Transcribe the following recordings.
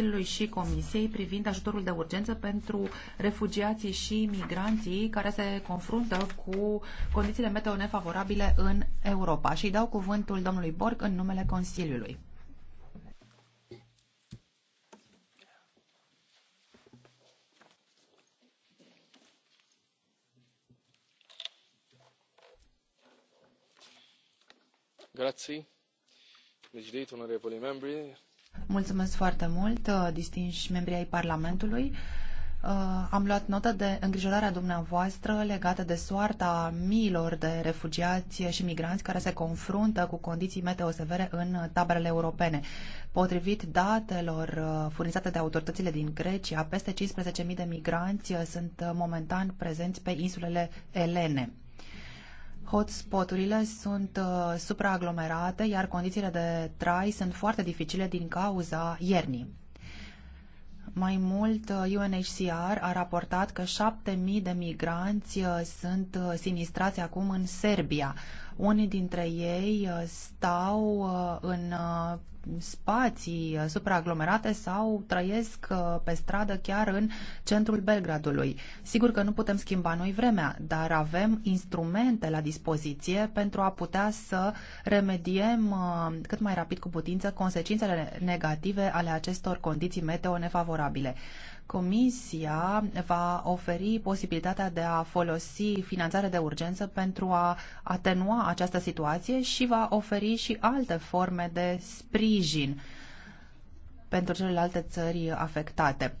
Consiliului și Comisiei privind ajutorul de urgență pentru refugiații și migranții care se confruntă cu condițiile meteo nefavorabile în Europa. Și dau cuvântul domnului Borg în numele Consiliului. Grazie. Deci, onorevoli membri, Mulțumesc foarte mult, uh, distinși membrii ai Parlamentului. Uh, am luat notă de îngrijorarea dumneavoastră legată de soarta miilor de refugiați și migranți care se confruntă cu condiții meteo severe în taberele europene. Potrivit datelor uh, furnizate de autoritățile din Grecia, peste 15.000 de migranți sunt momentan prezenți pe insulele Elene. Hotspoturile sunt uh, supraaglomerate, iar condițiile de trai sunt foarte dificile din cauza iernii. Mai mult, uh, UNHCR a raportat că 7.000 de migranți uh, sunt uh, sinistrați acum în Serbia. Unii dintre ei stau în spații supraaglomerate sau trăiesc uh, pe stradă chiar în centrul Belgradului. Sigur că nu putem schimba noi vremea, dar avem instrumente la dispoziție pentru a putea să remediem uh, cât mai rapid cu putință consecințele negative ale acestor condiții meteo nefavorabile. Comisia va oferi posibilitatea de a folosi finanțare de urgență pentru a atenua această situație și va oferi și alte forme de sprijin pentru celelalte țări afectate.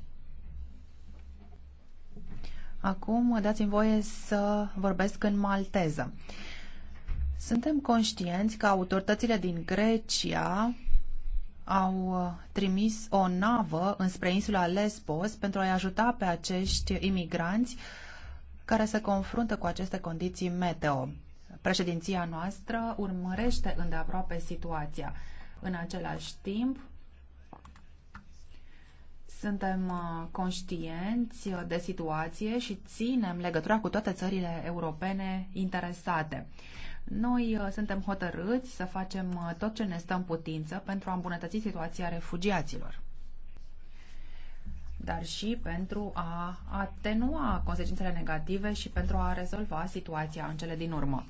Acum dați-mi voie să vorbesc în malteză. Suntem conștienți că autoritățile din Grecia au uh, trimis o navă înspre insula Lesbos pentru a-i ajuta pe acești imigranți care se confruntă cu aceste condiții meteo. Președinția noastră urmărește îndeaproape situația. În același timp, suntem uh, conștienți uh, de situație și ținem legătura cu toate țările europene interesate. Noi uh, suntem hotărâți să facem uh, tot ce ne stă în putință pentru a îmbunătăți situația refugiaților dar și pentru a atenua consecințele negative și pentru a rezolva situația în cele din urmă.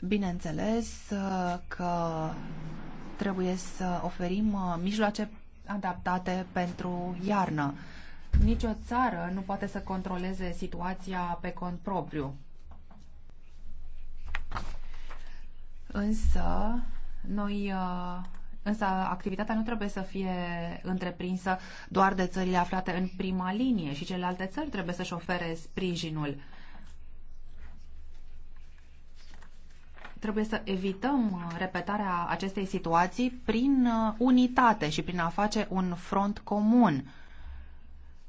Bineînțeles uh, că trebuie să oferim mijloace adaptate pentru iarnă. Nicio țară nu poate să controleze situația pe cont propriu. Însă, noi uh, Însă activitatea nu trebuie să fie întreprinsă doar de țările aflate în prima linie și celelalte țări trebuie să-și ofere sprijinul. Trebuie să evităm uh, repetarea acestei situații prin uh, unitate și prin a face un front comun.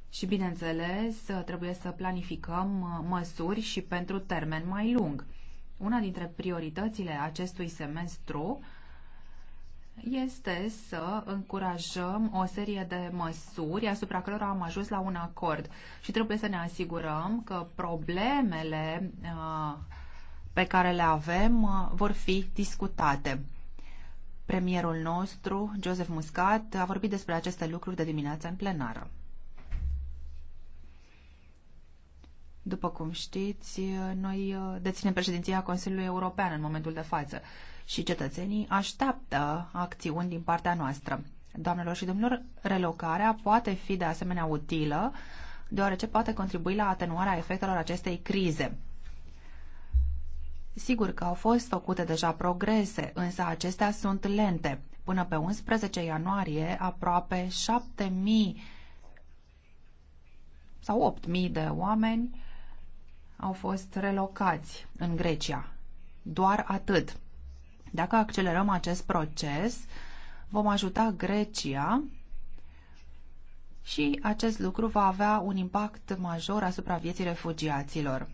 Și bineînțeles, trebuie să planificăm măsuri și pentru termen mai lung. Una dintre prioritățile acestui semestru este să încurajăm o serie de măsuri asupra cărora am ajuns la un acord și trebuie să ne asigurăm că problemele uh, pe care le avem uh, vor fi discutate. Premierul nostru, Joseph Muscat, a vorbit despre aceste lucruri de dimineață în plenară. După cum știți, noi uh, deținem președinția Consiliului European în momentul de față și cetățenii așteaptă acțiuni din partea noastră. Doamnelor și domnilor, relocarea poate fi de asemenea utilă, deoarece poate contribui la atenuarea efectelor acestei crize. Sigur că au fost făcute deja progrese, însă acestea sunt lente. Până pe 11 ianuarie, aproape 7000 sau 8000 de oameni au fost relocați în Grecia. Doar atât. Dacă accelerăm acest proces, vom ajuta Grecia și acest lucru va avea un impact major asupra vieții refugiaților.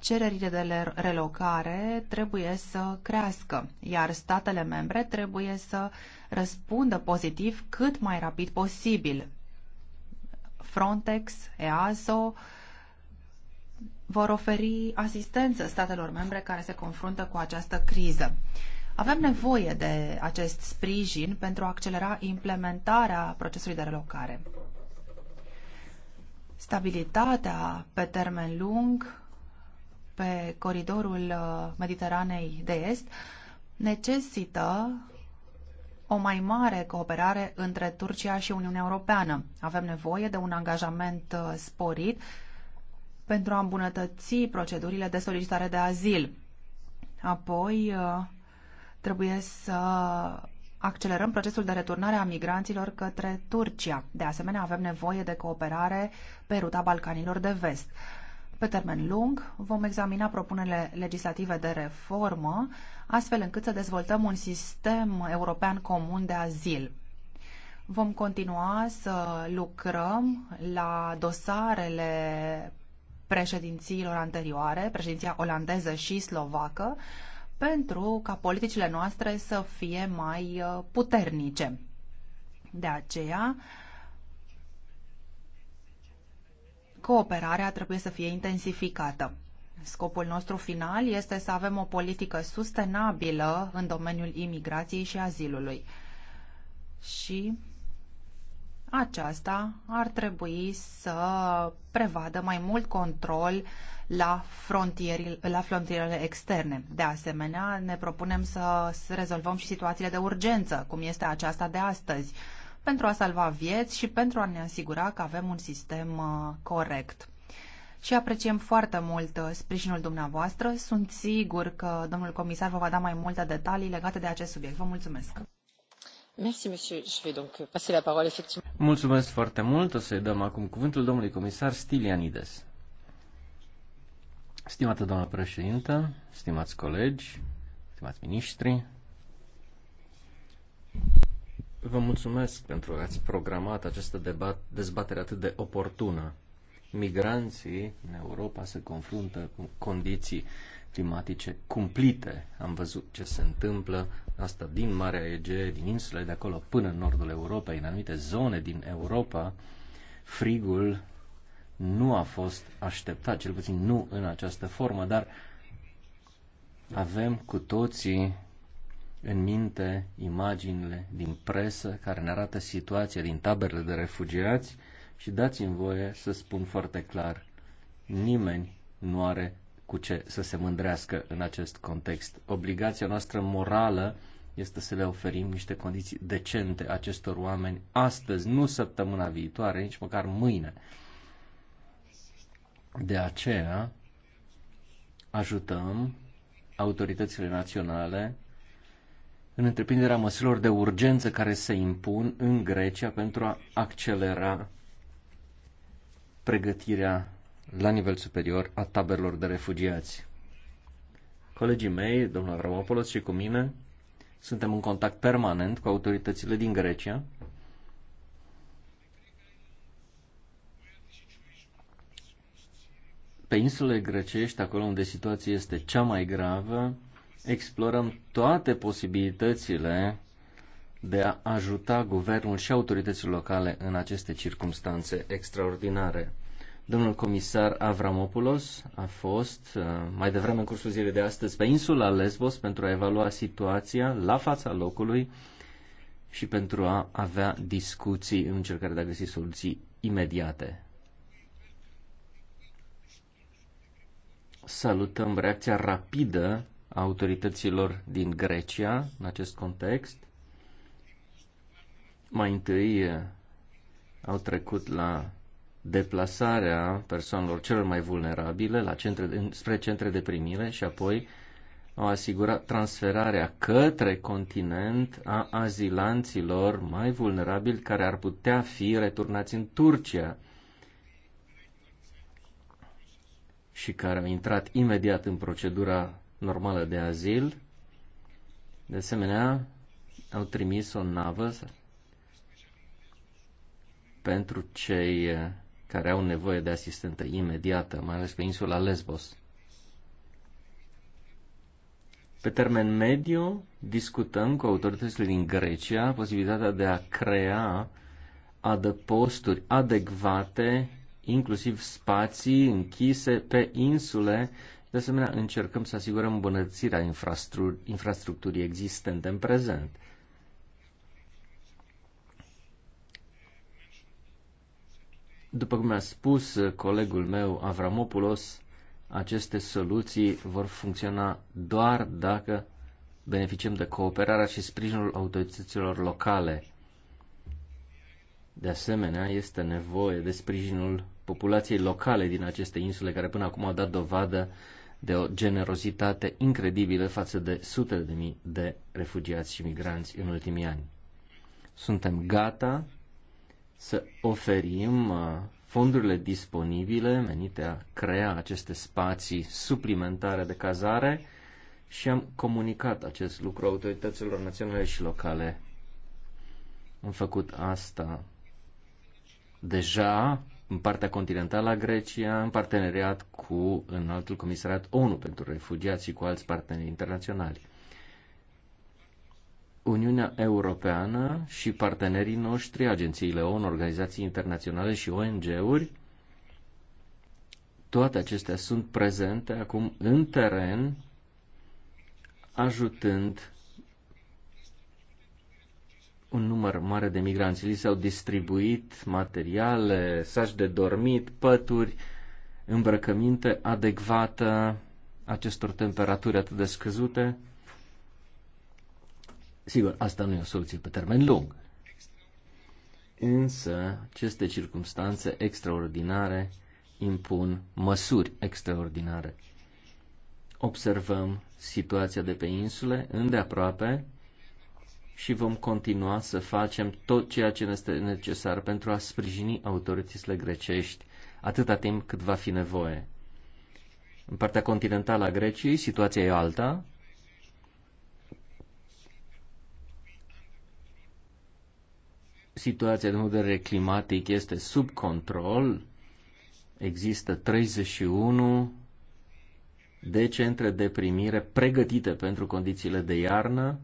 Cererile de relocare trebuie să crească, iar statele membre trebuie să răspundă pozitiv cât mai rapid posibil. Frontex, EASO, vor oferi asistență statelor membre care se confruntă cu această criză. Avem nevoie de acest sprijin pentru a accelera implementarea procesului de relocare. Stabilitatea pe termen lung pe coridorul uh, Mediteranei de Est necesită o mai mare cooperare între Turcia și Uniunea Europeană. Avem nevoie de un angajament uh, sporit pentru a îmbunătăți procedurile de solicitare de azil. Apoi, uh, trebuie să accelerăm procesul de returnare a migranților către Turcia. De asemenea, avem nevoie de cooperare pe ruta Balcanilor de Vest. Pe termen lung, vom examina propunerile legislative de reformă, astfel încât să dezvoltăm un sistem european comun de azil. Vom continua să lucrăm la dosarele președințiilor anterioare, președinția olandeză și slovacă, pentru ca politicile noastre să fie mai uh, puternice. De aceea, cooperarea trebuie să fie intensificată. Scopul nostru final este să avem o politică sustenabilă în domeniul imigrației și azilului. Și aceasta ar trebui să prevadă mai mult control la, la frontierele externe. De asemenea, ne propunem să rezolvăm și situațiile de urgență, cum este aceasta de astăzi, pentru a salva vieți și pentru a ne asigura că avem un sistem uh, corect și apreciem foarte mult uh, sprijinul dumneavoastră. Sunt sigur că domnul comisar vă va da mai multe detalii legate de acest subiect. Vă mulțumesc! Mulțumesc foarte mult. acum cuvântul domnului comisar Stilianides. Stimată doamnă președintă, stimați colegi, stimați miniștri, vă mulțumesc pentru că ați programat această debat, dezbatere atât de oportună. Migranții în Europa se confruntă cu condiții climatice cumplite. Am văzut ce se întâmplă asta din Marea Egee, din insule de acolo până în nordul Europei, în anumite zone din Europa, frigul nu a fost așteptat, cel puțin nu în această formă, dar avem cu toții în minte imaginile din presă care ne arată situația din taberele de refugiați și dați-mi voie să spun foarte clar, nimeni nu are cu ce să se mândrească în acest context. Obligația noastră morală este să le oferim niște condiții decente acestor oameni astăzi, nu săptămâna viitoare, nici măcar mâine. De aceea ajutăm autoritățile naționale în întreprinderea măsurilor de urgență care se impun în Grecia pentru a accelera pregătirea la nivel superior a taberelor de refugiați. Colegii mei, domnul Avramopoulos și cu mine, suntem în contact permanent cu autoritățile din Grecia. Pe insulele grecești, acolo unde situația este cea mai gravă, explorăm toate posibilitățile de a ajuta guvernul și autoritățile locale în aceste circunstanțe extraordinare. Domnul comisar Avramopoulos a fost uh, mai devreme în cursul zilei de astăzi pe insula Lesbos pentru a evalua situația la fața locului și pentru a avea discuții în încercare de a găsi soluții imediate. Salutăm reacția rapidă a autorităților din Grecia în acest context. Mai întâi uh, au trecut la deplasarea persoanelor celor mai vulnerabile la centre, spre centre de primire și apoi au asigurat transferarea către continent a azilanților mai vulnerabili care ar putea fi returnați în Turcia și care au intrat imediat în procedura normală de azil. De asemenea, au trimis o navă pentru cei care au nevoie de asistentă imediată, mai ales pe insula Lesbos. Pe termen mediu, discutăm cu autoritățile din Grecia posibilitatea de a crea adăposturi adecvate, inclusiv spații închise pe insule. De asemenea, încercăm să asigurăm îmbunătățirea infrastructurii existente în prezent. După cum a spus uh, colegul meu Avramopoulos, aceste soluții vor funcționa doar dacă beneficiem de cooperarea și sprijinul autorităților locale. De asemenea, este nevoie de sprijinul populației locale din aceste insule, care până acum au dat dovadă de o generozitate incredibilă față de sute de mii de refugiați și migranți în ultimii ani. Suntem gata să oferim uh, fondurile disponibile menite a crea aceste spații suplimentare de cazare și am comunicat acest lucru autorităților naționale și locale. Am făcut asta deja în partea continentală a Grecia, în parteneriat cu înaltul comisariat ONU pentru refugiați și cu alți parteneri internaționali. Uniunea Europeană și partenerii noștri, agențiile ONU, organizații internaționale și ONG-uri, toate acestea sunt prezente acum în teren, ajutând un număr mare de migranți. Li s-au distribuit materiale, saci de dormit, pături, îmbrăcăminte adecvată acestor temperaturi atât de scăzute. Sigur, asta nu e o soluție pe termen lung. Însă, aceste circunstanțe extraordinare impun măsuri extraordinare. Observăm situația de pe insule îndeaproape și vom continua să facem tot ceea ce este necesar pentru a sprijini autoritățile grecești atâta timp cât va fi nevoie. În partea continentală a Greciei situația e alta, situația de vedere climatic este sub control. Există 31 de centre de primire pregătite pentru condițiile de iarnă.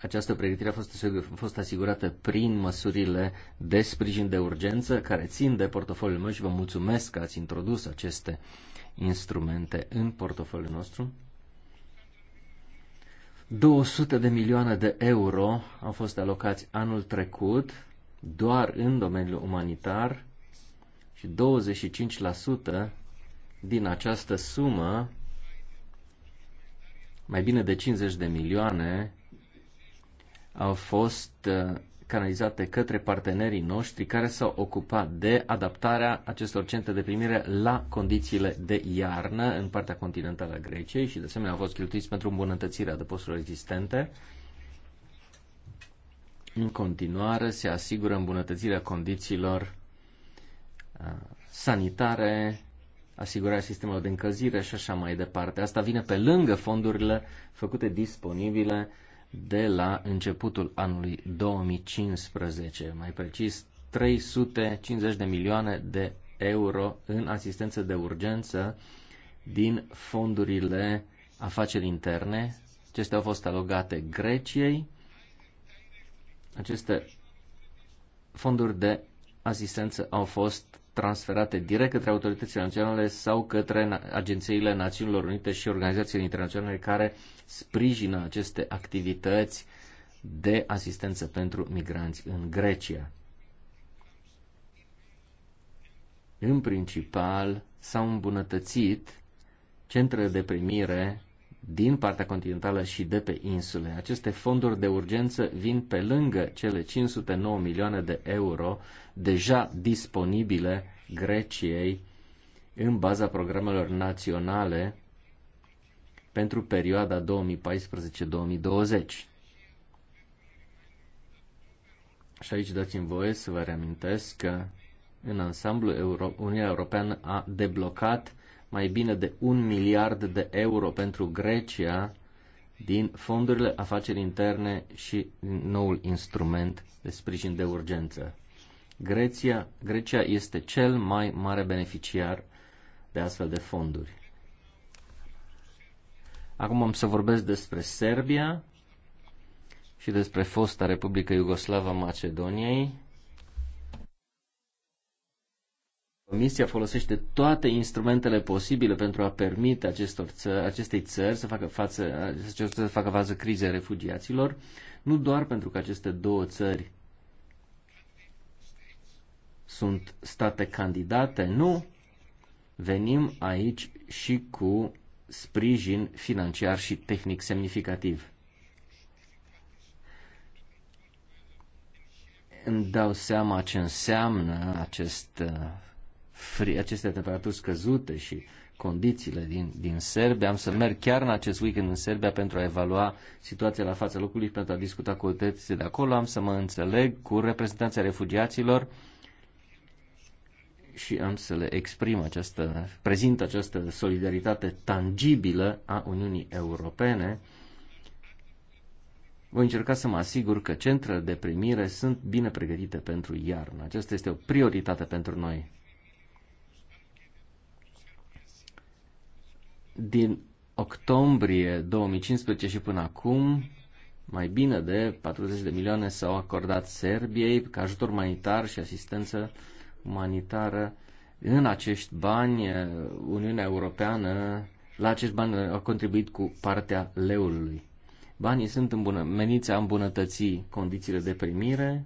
Această pregătire a fost, a fost asigurată prin măsurile de sprijin de urgență care țin de portofoliul meu și vă mulțumesc că ați introdus aceste instrumente în portofoliul nostru. 200 de milioane de euro au fost alocați anul trecut doar în domeniul umanitar și 25% din această sumă, mai bine de 50 de milioane, au fost uh, canalizate către partenerii noștri care s-au ocupat de adaptarea acestor centre de primire la condițiile de iarnă în partea continentală a Greciei și de asemenea au fost cheltuiți pentru îmbunătățirea de posturilor existente. În continuare se asigură îmbunătățirea condițiilor uh, sanitare, asigurarea sistemelor de încălzire și așa mai departe. Asta vine pe lângă fondurile făcute disponibile de la începutul anului 2015, mai precis 350 de milioane de euro în asistență de urgență din fondurile afaceri interne. Acestea au fost alogate Greciei. Aceste fonduri de asistență au fost transferate direct către autoritățile naționale sau către agențiile Națiunilor Unite și organizațiile internaționale care sprijină aceste activități de asistență pentru migranți în Grecia. În principal, s-au îmbunătățit centrele de primire din partea continentală și de pe insule. Aceste fonduri de urgență vin pe lângă cele 509 milioane de euro deja disponibile Greciei în baza programelor naționale pentru perioada 2014-2020. Și aici dați-mi voie să vă reamintesc că în ansamblu Euro- Uniunea Europeană a deblocat mai bine de un miliard de euro pentru Grecia din fondurile afaceri interne și noul instrument de sprijin de urgență. Grecia, Grecia este cel mai mare beneficiar de astfel de fonduri. Acum am să vorbesc despre Serbia și despre fosta Republică Iugoslavă Macedoniei. Comisia folosește toate instrumentele posibile pentru a permite acestor ță- acestei țări să facă față, acestor țări să facă față crizei refugiaților, nu doar pentru că aceste două țări sunt state candidate, nu. Venim aici și cu sprijin financiar și tehnic semnificativ. Îmi dau seama ce înseamnă acest, uh, aceste temperaturi scăzute și condițiile din, din Serbia. Am să merg chiar în acest weekend în Serbia pentru a evalua situația la fața locului, pentru a discuta cu autoritățile de acolo. Am să mă înțeleg cu reprezentanța refugiaților și am să le exprim această, prezint această solidaritate tangibilă a Uniunii Europene. Voi încerca să mă asigur că centrele de primire sunt bine pregătite pentru iarnă. Aceasta este o prioritate pentru noi. Din octombrie 2015 și până acum, mai bine de 40 de milioane s-au acordat Serbiei ca ajutor umanitar și asistență uh, umanitară. În acești bani, eh, Uniunea Europeană, la acești bani a contribuit cu partea leului. Banii sunt îmbună, meniți a îmbunătăți condițiile de primire,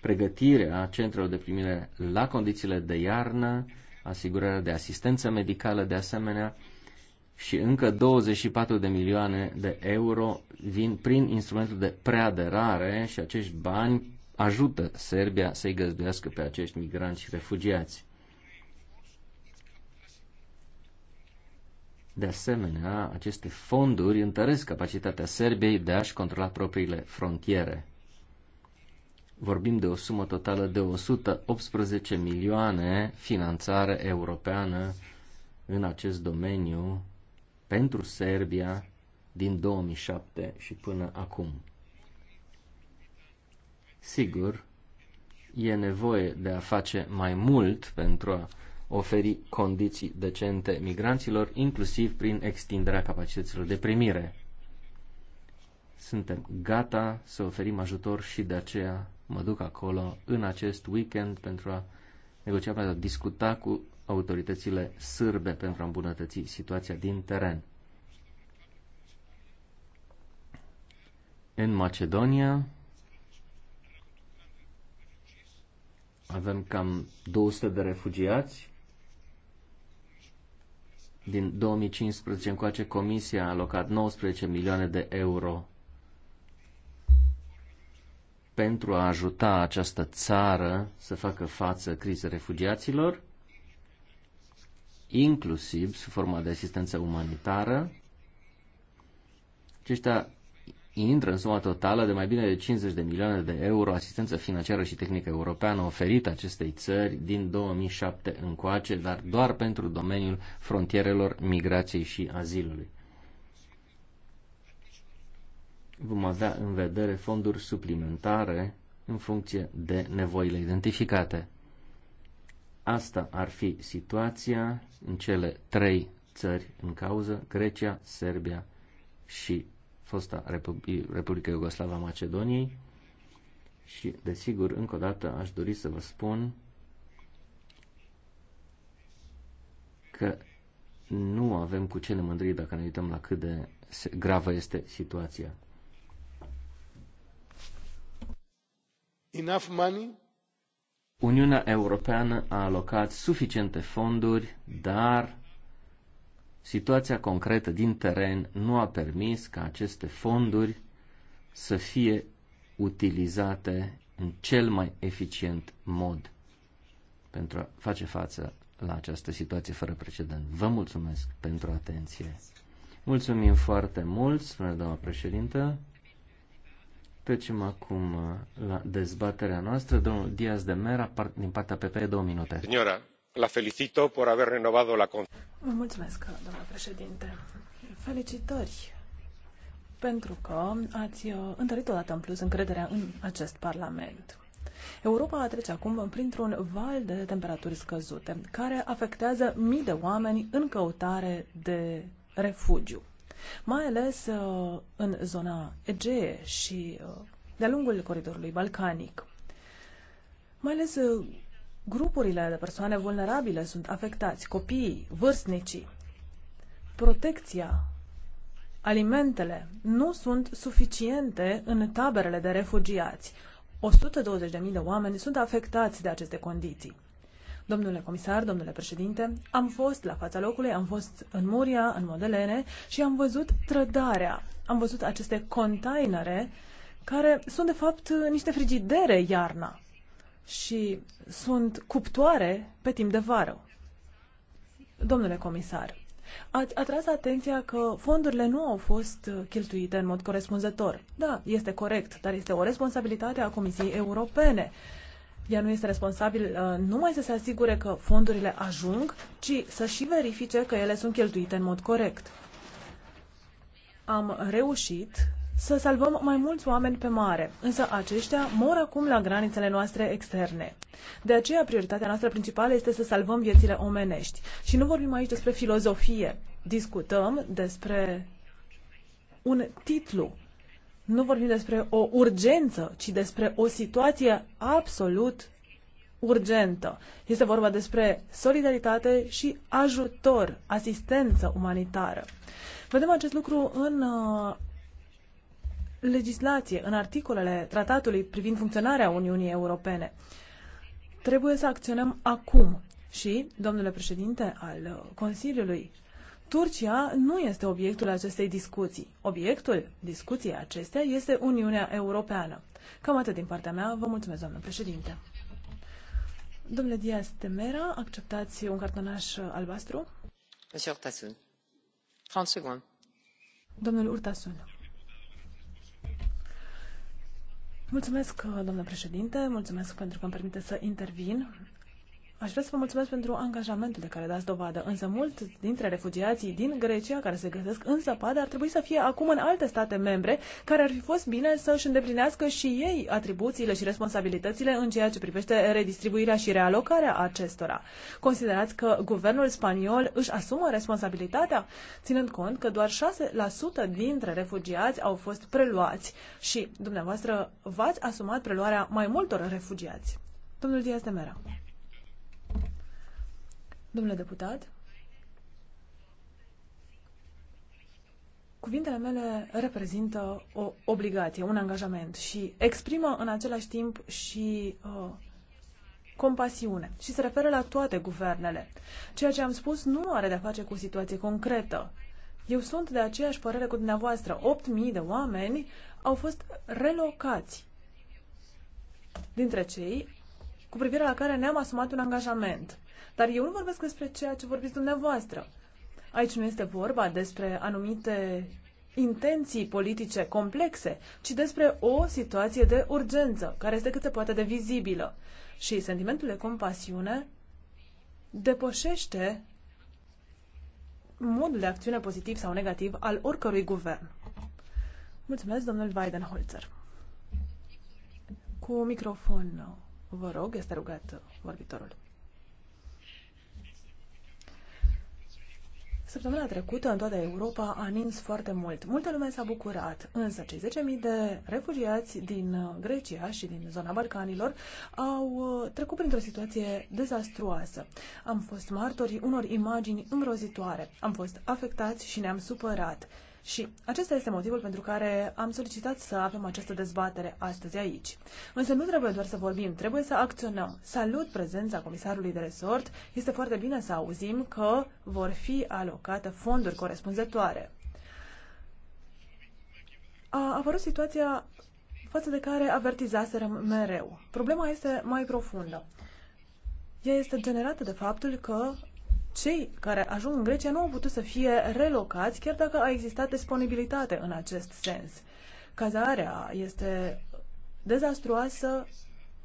pregătirea centrelor de primire la condițiile de iarnă, asigurarea de asistență medicală de asemenea și încă 24 de milioane de euro vin prin instrumentul de preaderare și acești bani ajută Serbia să-i găzduiască pe acești migranți și refugiați. De asemenea, aceste fonduri întăresc capacitatea Serbiei de a-și controla propriile frontiere. Vorbim de o sumă totală de 118 milioane finanțare europeană în acest domeniu pentru Serbia din 2007 și până acum. Sigur, e nevoie de a face mai mult pentru a oferi condiții decente migranților, inclusiv prin extinderea capacităților de primire. Suntem gata să oferim ajutor și de aceea mă duc acolo în acest weekend pentru a negocia, pentru a discuta cu autoritățile sârbe pentru a îmbunătăți situația din teren. În Macedonia, Avem cam 200 de refugiați. Din 2015 încoace Comisia a alocat 19 milioane de euro pentru a ajuta această țară să facă față crizei refugiaților, inclusiv sub forma de asistență umanitară. Aceștia intră în suma totală de mai bine de 50 de milioane de euro asistență financiară și tehnică europeană oferită acestei țări din 2007 încoace, dar doar pentru domeniul frontierelor, migrației și azilului. Vom avea în vedere fonduri suplimentare în funcție de nevoile identificate. Asta ar fi situația în cele trei țări în cauză, Grecia, Serbia și fosta Repub- Republică Iugoslava Macedoniei și, desigur, încă o dată aș dori să vă spun că nu avem cu ce ne mândri dacă ne uităm la cât de gravă este situația. Enough money? Uniunea Europeană a alocat suficiente fonduri, dar Situația concretă din teren nu a permis ca aceste fonduri să fie utilizate în cel mai eficient mod pentru a face față la această situație fără precedent. Vă mulțumesc pentru atenție. Mulțumim foarte mult, spune doamna președintă. Trecem acum la dezbaterea noastră. Domnul Diaz de Mera, din partea PP, două minute. Signora la felicito por haber renovado la Mulțumesc, domnule președinte. Felicitări pentru că ați uh, întărit o dată în plus încrederea în acest Parlament. Europa trece acum printr-un val de temperaturi scăzute, care afectează mii de oameni în căutare de refugiu, mai ales uh, în zona Egee și uh, de-a lungul coridorului balcanic. Mai ales Grupurile de persoane vulnerabile sunt afectați, copiii, vârstnicii. Protecția, alimentele nu sunt suficiente în taberele de refugiați. 120.000 de oameni sunt afectați de aceste condiții. Domnule comisar, domnule președinte, am fost la fața locului, am fost în Muria, în Modelene și am văzut trădarea. Am văzut aceste containere care sunt de fapt niște frigidere iarna și sunt cuptoare pe timp de vară. Domnule comisar, a atras atenția că fondurile nu au fost cheltuite în mod corespunzător. Da, este corect, dar este o responsabilitate a Comisiei Europene. Ea nu este responsabil uh, numai să se asigure că fondurile ajung, ci să și verifice că ele sunt cheltuite în mod corect. Am reușit să salvăm mai mulți oameni pe mare, însă aceștia mor acum la granițele noastre externe. De aceea, prioritatea noastră principală este să salvăm viețile omenești. Și nu vorbim aici despre filozofie, discutăm despre un titlu. Nu vorbim despre o urgență, ci despre o situație absolut urgentă. Este vorba despre solidaritate și ajutor, asistență umanitară. Vedem acest lucru în uh, legislație, în articolele tratatului privind funcționarea Uniunii Europene. Trebuie să acționăm acum și, domnule președinte al uh, Consiliului, Turcia nu este obiectul acestei discuții. Obiectul discuției acesteia este Uniunea Europeană. Cam atât din partea mea. Vă mulțumesc, doamnă președinte. Domnule Diaz Temera, acceptați un cartonaș uh, albastru? Monsieur Urtasun. 30 secunde. Domnul Urtasun. Mulțumesc, uh, domnule președinte, mulțumesc pentru că îmi permite să intervin. Aș vrea să vă mulțumesc pentru angajamentul de care dați dovadă, însă mulți dintre refugiații din Grecia care se găsesc în zăpadă ar trebui să fie acum în alte state membre care ar fi fost bine să își îndeplinească și ei atribuțiile și responsabilitățile în ceea ce privește redistribuirea și realocarea acestora. Considerați că guvernul spaniol își asumă responsabilitatea, ținând cont că doar 6% dintre refugiați au fost preluați și dumneavoastră v-ați asumat preluarea mai multor refugiați. Domnul Diaz de Mera. Domnule deputat, cuvintele mele reprezintă o obligație, un angajament și exprimă în același timp și uh, compasiune și se referă la toate guvernele. Ceea ce am spus nu are de-a face cu o situație concretă. Eu sunt de aceeași părere cu dumneavoastră. 8.000 de oameni au fost relocați, dintre cei cu privire la care ne-am asumat un angajament. Dar eu nu vorbesc despre ceea ce vorbiți dumneavoastră. Aici nu este vorba despre anumite intenții politice complexe, ci despre o situație de urgență, care este cât se poate de vizibilă. Și sentimentul de compasiune depășește modul de acțiune pozitiv sau negativ al oricărui guvern. Mulțumesc, domnul Weidenholzer. Cu microfon, vă rog, este rugat vorbitorul. Săptămâna trecută, în toată Europa, a nins foarte mult. Multă lume s-a bucurat, însă cei 10.000 de refugiați din uh, Grecia și din zona Balcanilor au uh, trecut printr-o situație dezastruoasă. Am fost martorii unor imagini îngrozitoare, am fost afectați și ne-am supărat. Și acesta este motivul pentru care am solicitat să avem această dezbatere astăzi aici. Însă nu trebuie doar să vorbim, trebuie să acționăm. Salut prezența comisarului de resort. Este foarte bine să auzim că vor fi alocate fonduri corespunzătoare. A apărut situația față de care avertizaseră mereu. Problema este mai profundă. Ea este generată de faptul că cei care ajung în Grecia nu au putut să fie relocați, chiar dacă a existat disponibilitate în acest sens. Cazarea este dezastruoasă,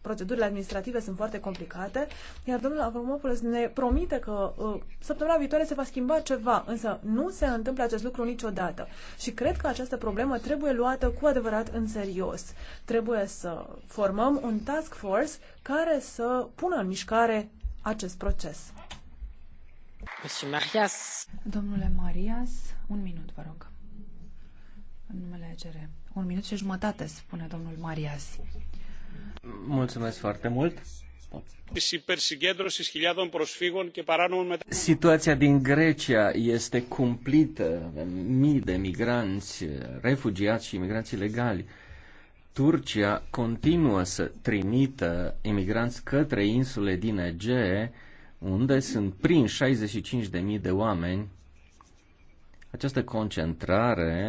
procedurile administrative sunt foarte complicate, iar domnul Avramopoulos ne promite că uh, săptămâna viitoare se va schimba ceva, însă nu se întâmplă acest lucru niciodată. Și cred că această problemă trebuie luată cu adevărat în serios. Trebuie să formăm un task force care să pună în mișcare acest proces. Domnule Marias, un minut, vă rog. În numele ECR. Un minut și jumătate, spune domnul Marias. Mulțumesc foarte mult. Situația din Grecia este cumplită. Mii de migranți, refugiați și imigranți ilegali. Turcia continuă să trimită imigranți către insule din Egee, unde sunt prin 65.000 de oameni. Această concentrare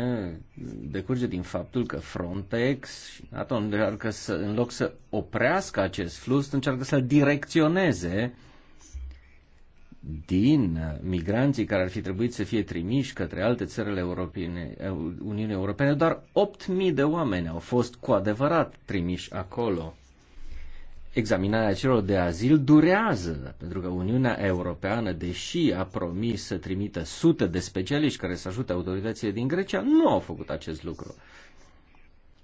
decurge din faptul că Frontex și NATO încearcă să, în loc să oprească acest flux, încearcă să-l direcționeze din migranții care ar fi trebuit să fie trimiși către alte țările europene, Uniunii Europene, doar 8.000 de oameni au fost cu adevărat trimiși acolo examinarea celor de azil durează, pentru că Uniunea Europeană, deși a promis să trimită sute de specialiști care să ajute autoritățile din Grecia, nu au făcut acest lucru.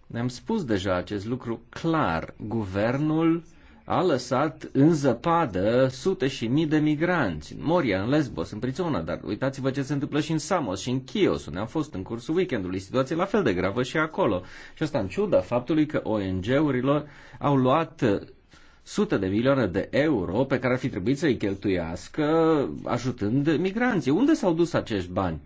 Ne-am spus deja acest lucru clar. Guvernul a lăsat în zăpadă sute și mii de migranți, în Moria, în Lesbos, în Prițona, dar uitați-vă ce se întâmplă și în Samos și în Chios, unde am fost în cursul weekendului, situație la fel de gravă și acolo. Și asta în ciuda faptului că ONG-urilor au luat sute de milioane de euro pe care ar fi trebuit să-i cheltuiască ajutând migranții. Unde s-au dus acești bani?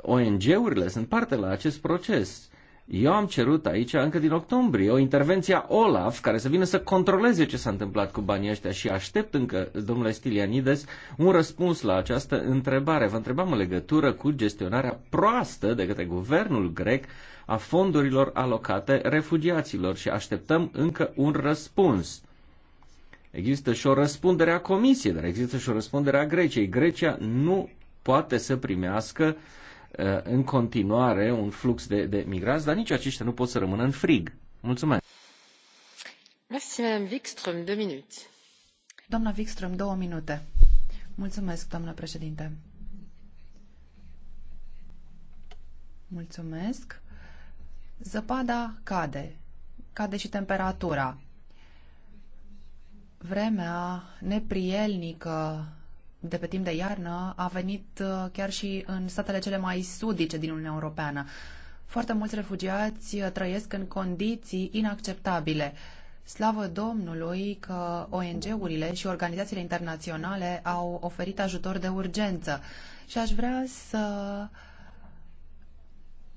ONG-urile sunt parte la acest proces. Eu am cerut aici, încă din octombrie, o intervenție a OLAF care să vină să controleze ce s-a întâmplat cu banii ăștia și aștept încă, domnule Stilianides, un răspuns la această întrebare. Vă întrebam în legătură cu gestionarea proastă de către guvernul grec a fondurilor alocate refugiaților și așteptăm încă un răspuns. Există și o răspundere a Comisiei, dar există și o răspundere a Greciei. Grecia nu poate să primească uh, în continuare un flux de, de migrați, dar nici aceștia nu pot să rămână în frig. Mulțumesc. Merci, Madame Wikström, două minute. Doamna Wikström, două minute. Mulțumesc, doamna președinte. Mulțumesc. Zăpada cade, cade și temperatura. Vremea neprielnică de pe timp de iarnă a venit uh, chiar și în statele cele mai sudice din Uniunea Europeană. Foarte mulți refugiați uh, trăiesc în condiții inacceptabile. Slavă Domnului că ONG-urile și organizațiile internaționale au oferit ajutor de urgență și aș vrea să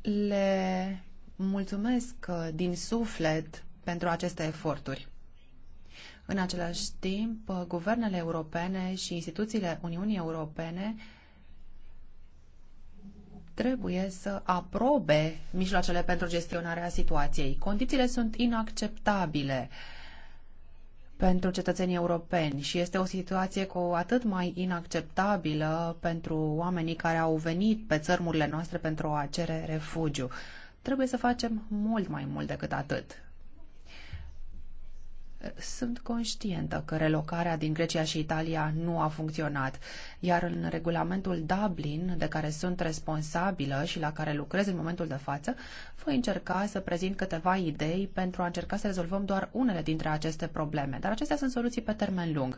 le Mulțumesc uh, din suflet pentru aceste eforturi. În același timp, uh, guvernele europene și instituțiile Uniunii Europene trebuie să aprobe mijloacele pentru gestionarea situației. Condițiile sunt inacceptabile pentru cetățenii europeni și este o situație cu atât mai inacceptabilă pentru oamenii care au venit pe țărmurile noastre pentru a cere refugiu. Trebuie să facem mult mai mult decât atât. Sunt conștientă că relocarea din Grecia și Italia nu a funcționat, iar în regulamentul Dublin, de care sunt responsabilă și la care lucrez în momentul de față, voi încerca să prezint câteva idei pentru a încerca să rezolvăm doar unele dintre aceste probleme, dar acestea sunt soluții pe termen lung.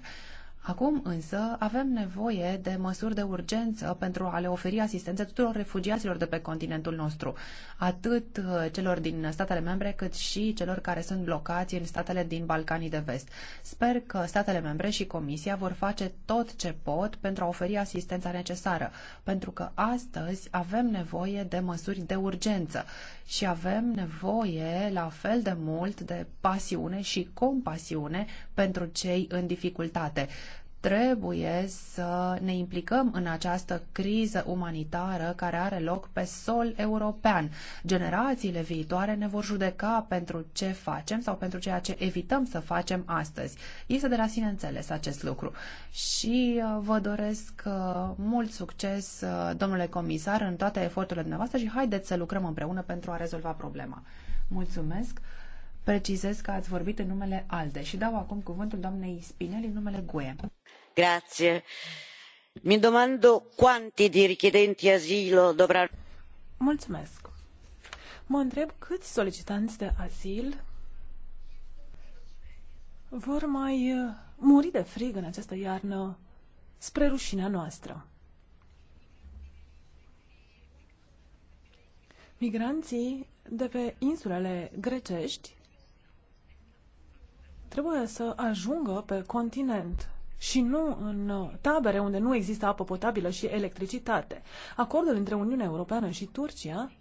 Acum însă avem nevoie de măsuri de urgență pentru a le oferi asistență tuturor refugiaților de pe continentul nostru, atât uh, celor din statele membre, cât și celor care sunt blocați în statele din Balcanii de Vest. Sper că statele membre și Comisia vor face tot ce pot pentru a oferi asistența necesară, pentru că astăzi avem nevoie de măsuri de urgență și avem nevoie la fel de mult de pasiune și compasiune pentru cei în dificultate trebuie să ne implicăm în această criză umanitară care are loc pe sol european. Generațiile viitoare ne vor judeca pentru ce facem sau pentru ceea ce evităm să facem astăzi. Este de la sine înțeles acest lucru. Și uh, vă doresc uh, mult succes, uh, domnule comisar, în toate eforturile dumneavoastră și haideți să lucrăm împreună pentru a rezolva problema. Mulțumesc! Precizez că ați vorbit în numele ALDE și dau acum cuvântul doamnei Spinelli în numele GUE signora presidente onorevoli colleghi mi domando quanti di richiedenti asilo dovranno. mulțumesc. mă întreb câți solicitanți de azil vor mai uh, muri de frig în această iarnă spre rușinea noastră. Migranții de pe insulele grecești trebuie să ajungă pe continent și nu în uh, tabere unde nu există apă potabilă și electricitate. Acordul între Uniunea Europeană și Turcia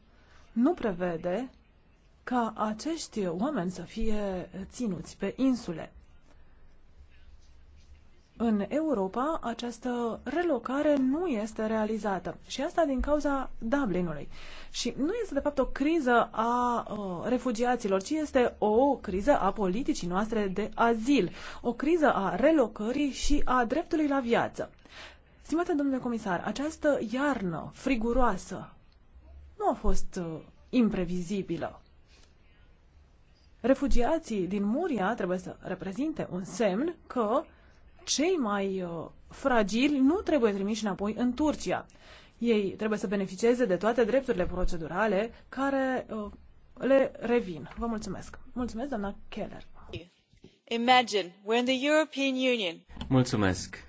nu prevede ca acești oameni să fie ținuți pe insule în Europa această relocare nu este realizată și asta din cauza Dublinului. Și nu este de fapt o criză a uh, refugiaților, ci este o criză a politicii noastre de azil, o criză a relocării și a dreptului la viață. Stimate domnule comisar, această iarnă friguroasă nu a fost uh, imprevizibilă. Refugiații din Muria trebuie să reprezinte un semn că cei mai uh, fragili nu trebuie trimiși înapoi în Turcia. Ei trebuie să beneficieze de toate drepturile procedurale care uh, le revin. Vă mulțumesc. Mulțumesc, doamna Keller. Imagine, we're in the European Union. Mulțumesc.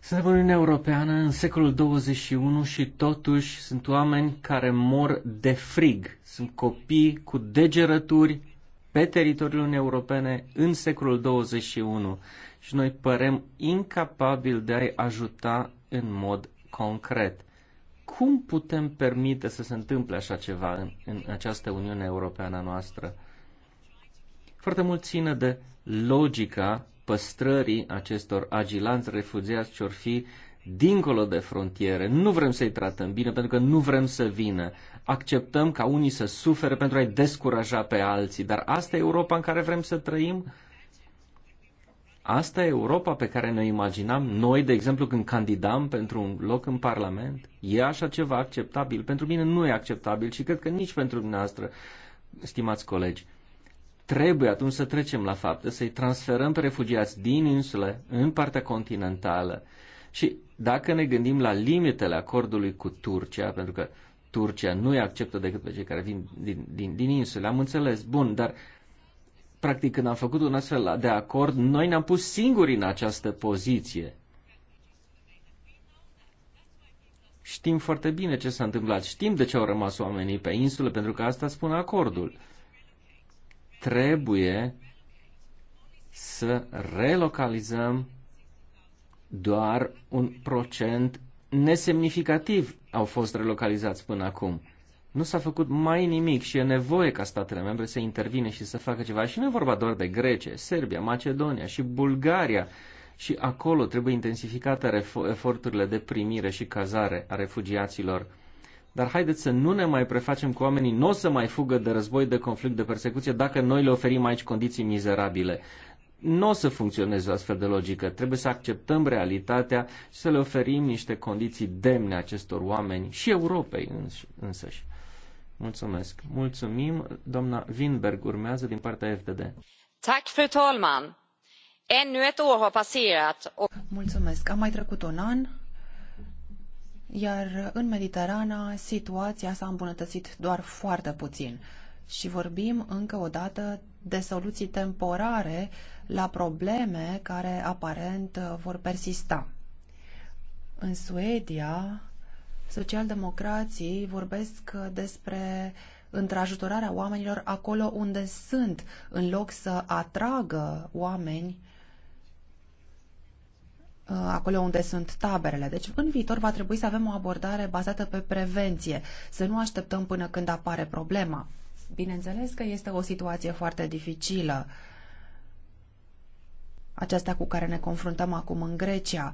Suntem în Uniunea Europeană în secolul 21 și totuși sunt oameni care mor de frig. Sunt copii cu degerături, pe teritoriul Uniunii Europene în secolul 21 și noi părem incapabili de a-i ajuta în mod concret. Cum putem permite să se întâmple așa ceva în, în această Uniune Europeană noastră? Foarte mult ține de logica păstrării acestor agilanți refugiați ce fi dincolo de frontiere. Nu vrem să-i tratăm bine pentru că nu vrem să vină. Acceptăm ca unii să sufere pentru a-i descuraja pe alții. Dar asta e Europa în care vrem să trăim? Asta e Europa pe care ne imaginam noi, de exemplu, când candidam pentru un loc în Parlament? E așa ceva acceptabil? Pentru mine nu e acceptabil și cred că nici pentru dumneavoastră, stimați colegi. Trebuie atunci să trecem la fapte, să-i transferăm pe refugiați din insule în partea continentală și dacă ne gândim la limitele acordului cu Turcia, pentru că Turcia nu îi acceptă decât pe cei care vin din, din, din insule, am înțeles, bun, dar practic când am făcut un astfel de acord, noi ne-am pus singuri în această poziție. Știm foarte bine ce s-a întâmplat, știm de ce au rămas oamenii pe insule, pentru că asta spune acordul. Trebuie să relocalizăm doar un procent nesemnificativ au fost relocalizați până acum. Nu s-a făcut mai nimic și e nevoie ca statele membre să intervine și să facă ceva. Și nu e vorba doar de Grecia, Serbia, Macedonia și Bulgaria. Și acolo trebuie intensificate eforturile de primire și cazare a refugiaților. Dar haideți să nu ne mai prefacem cu oamenii, nu o să mai fugă de război, de conflict, de persecuție, dacă noi le oferim aici condiții mizerabile nu o să funcționeze o astfel de logică. Trebuie să acceptăm realitatea și să le oferim niște condiții demne acestor oameni și Europei însăși. Mulțumesc. Mulțumim. Doamna Winberg urmează din partea FDD. Tak, fru talman. Ännu ett år har passerat. Mulțumesc. Am mai trecut un an, iar în Mediterana situația s-a îmbunătățit doar foarte puțin și vorbim încă o dată de soluții temporare la probleme care aparent uh, vor persista. În Suedia, socialdemocrații vorbesc uh, despre întrajutorarea oamenilor acolo unde sunt, în loc să atragă oameni uh, acolo unde sunt taberele. Deci în viitor va trebui să avem o abordare bazată pe prevenție, să nu așteptăm până când apare problema. Bineînțeles că este o situație foarte dificilă aceasta cu care ne confruntăm acum în Grecia.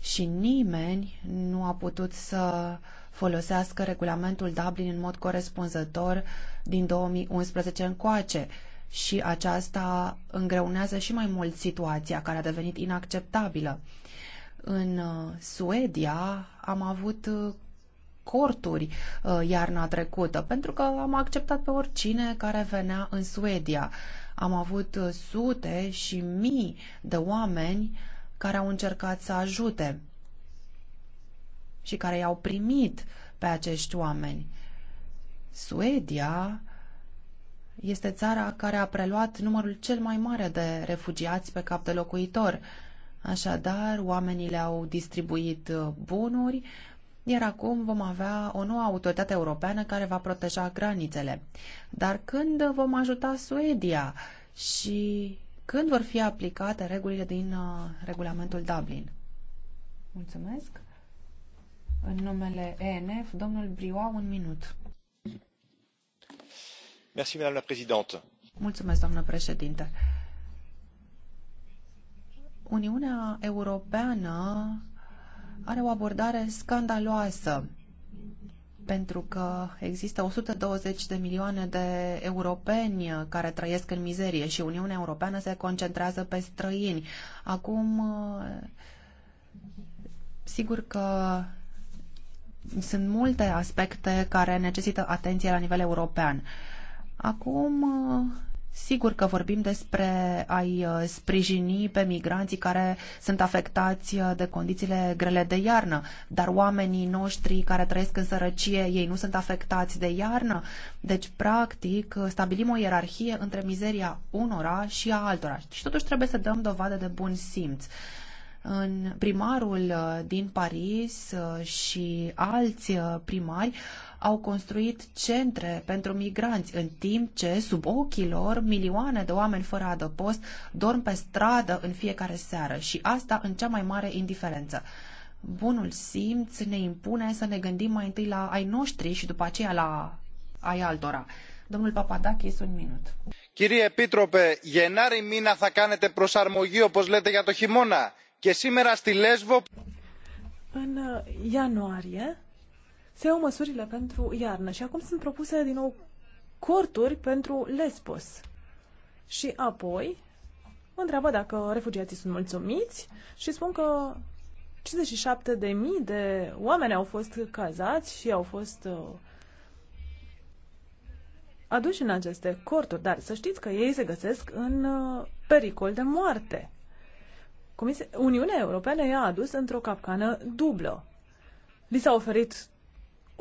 Și nimeni nu a putut să folosească regulamentul Dublin în mod corespunzător din 2011 încoace. Și aceasta îngreunează și mai mult situația care a devenit inacceptabilă. În uh, Suedia am avut uh, corturi uh, iarna trecută, pentru că am acceptat pe oricine care venea în Suedia. Am avut uh, sute și mii de oameni care au încercat să ajute și care i-au primit pe acești oameni. Suedia este țara care a preluat numărul cel mai mare de refugiați pe cap de locuitor. Așadar, oamenii le-au distribuit uh, bunuri, iar acum vom avea o nouă autoritate europeană care va proteja granițele. Dar când vom ajuta Suedia și când vor fi aplicate regulile din uh, regulamentul Dublin? Mulțumesc. În numele ENF, domnul Brioa, un minut. Merci, madame președinte. Mulțumesc, doamnă președinte. Uniunea Europeană are o abordare scandaloasă pentru că există 120 de milioane de europeni care trăiesc în mizerie și Uniunea Europeană se concentrează pe străini. Acum, sigur că sunt multe aspecte care necesită atenție la nivel european. Acum, Sigur că vorbim despre a-i uh, sprijini pe migranții care sunt afectați uh, de condițiile grele de iarnă, dar oamenii noștri care trăiesc în sărăcie, ei nu sunt afectați de iarnă? Deci, practic, uh, stabilim o ierarhie între mizeria unora și a altora. Și totuși trebuie să dăm dovadă de bun simț în primarul din Paris și alți primari au construit centre pentru migranți, în timp ce sub ochii lor milioane de oameni fără adăpost dorm pe stradă în fiecare seară și asta în cea mai mare indiferență. Bunul simț ne impune să ne gândim mai întâi la ai noștri și după aceea la ai altora. Domnul Papadakis, un minut. Κύριε Επίτροπε, Γενάρη μήνα θα κάνετε προσαρμογή, όπως λέτε, για το χειμώνα. Και σήμερα στη Λέσβο... În ianuarie se iau măsurile pentru iarnă și acum sunt propuse din nou corturi pentru Lesbos. Și apoi întreabă dacă refugiații sunt mulțumiți și spun că 57.000 de, de oameni au fost cazați și au fost uh, aduși în aceste corturi, dar să știți că ei se găsesc în uh, pericol de moarte. Comisia, Uniunea Europeană i-a adus într-o capcană dublă. Li s-a oferit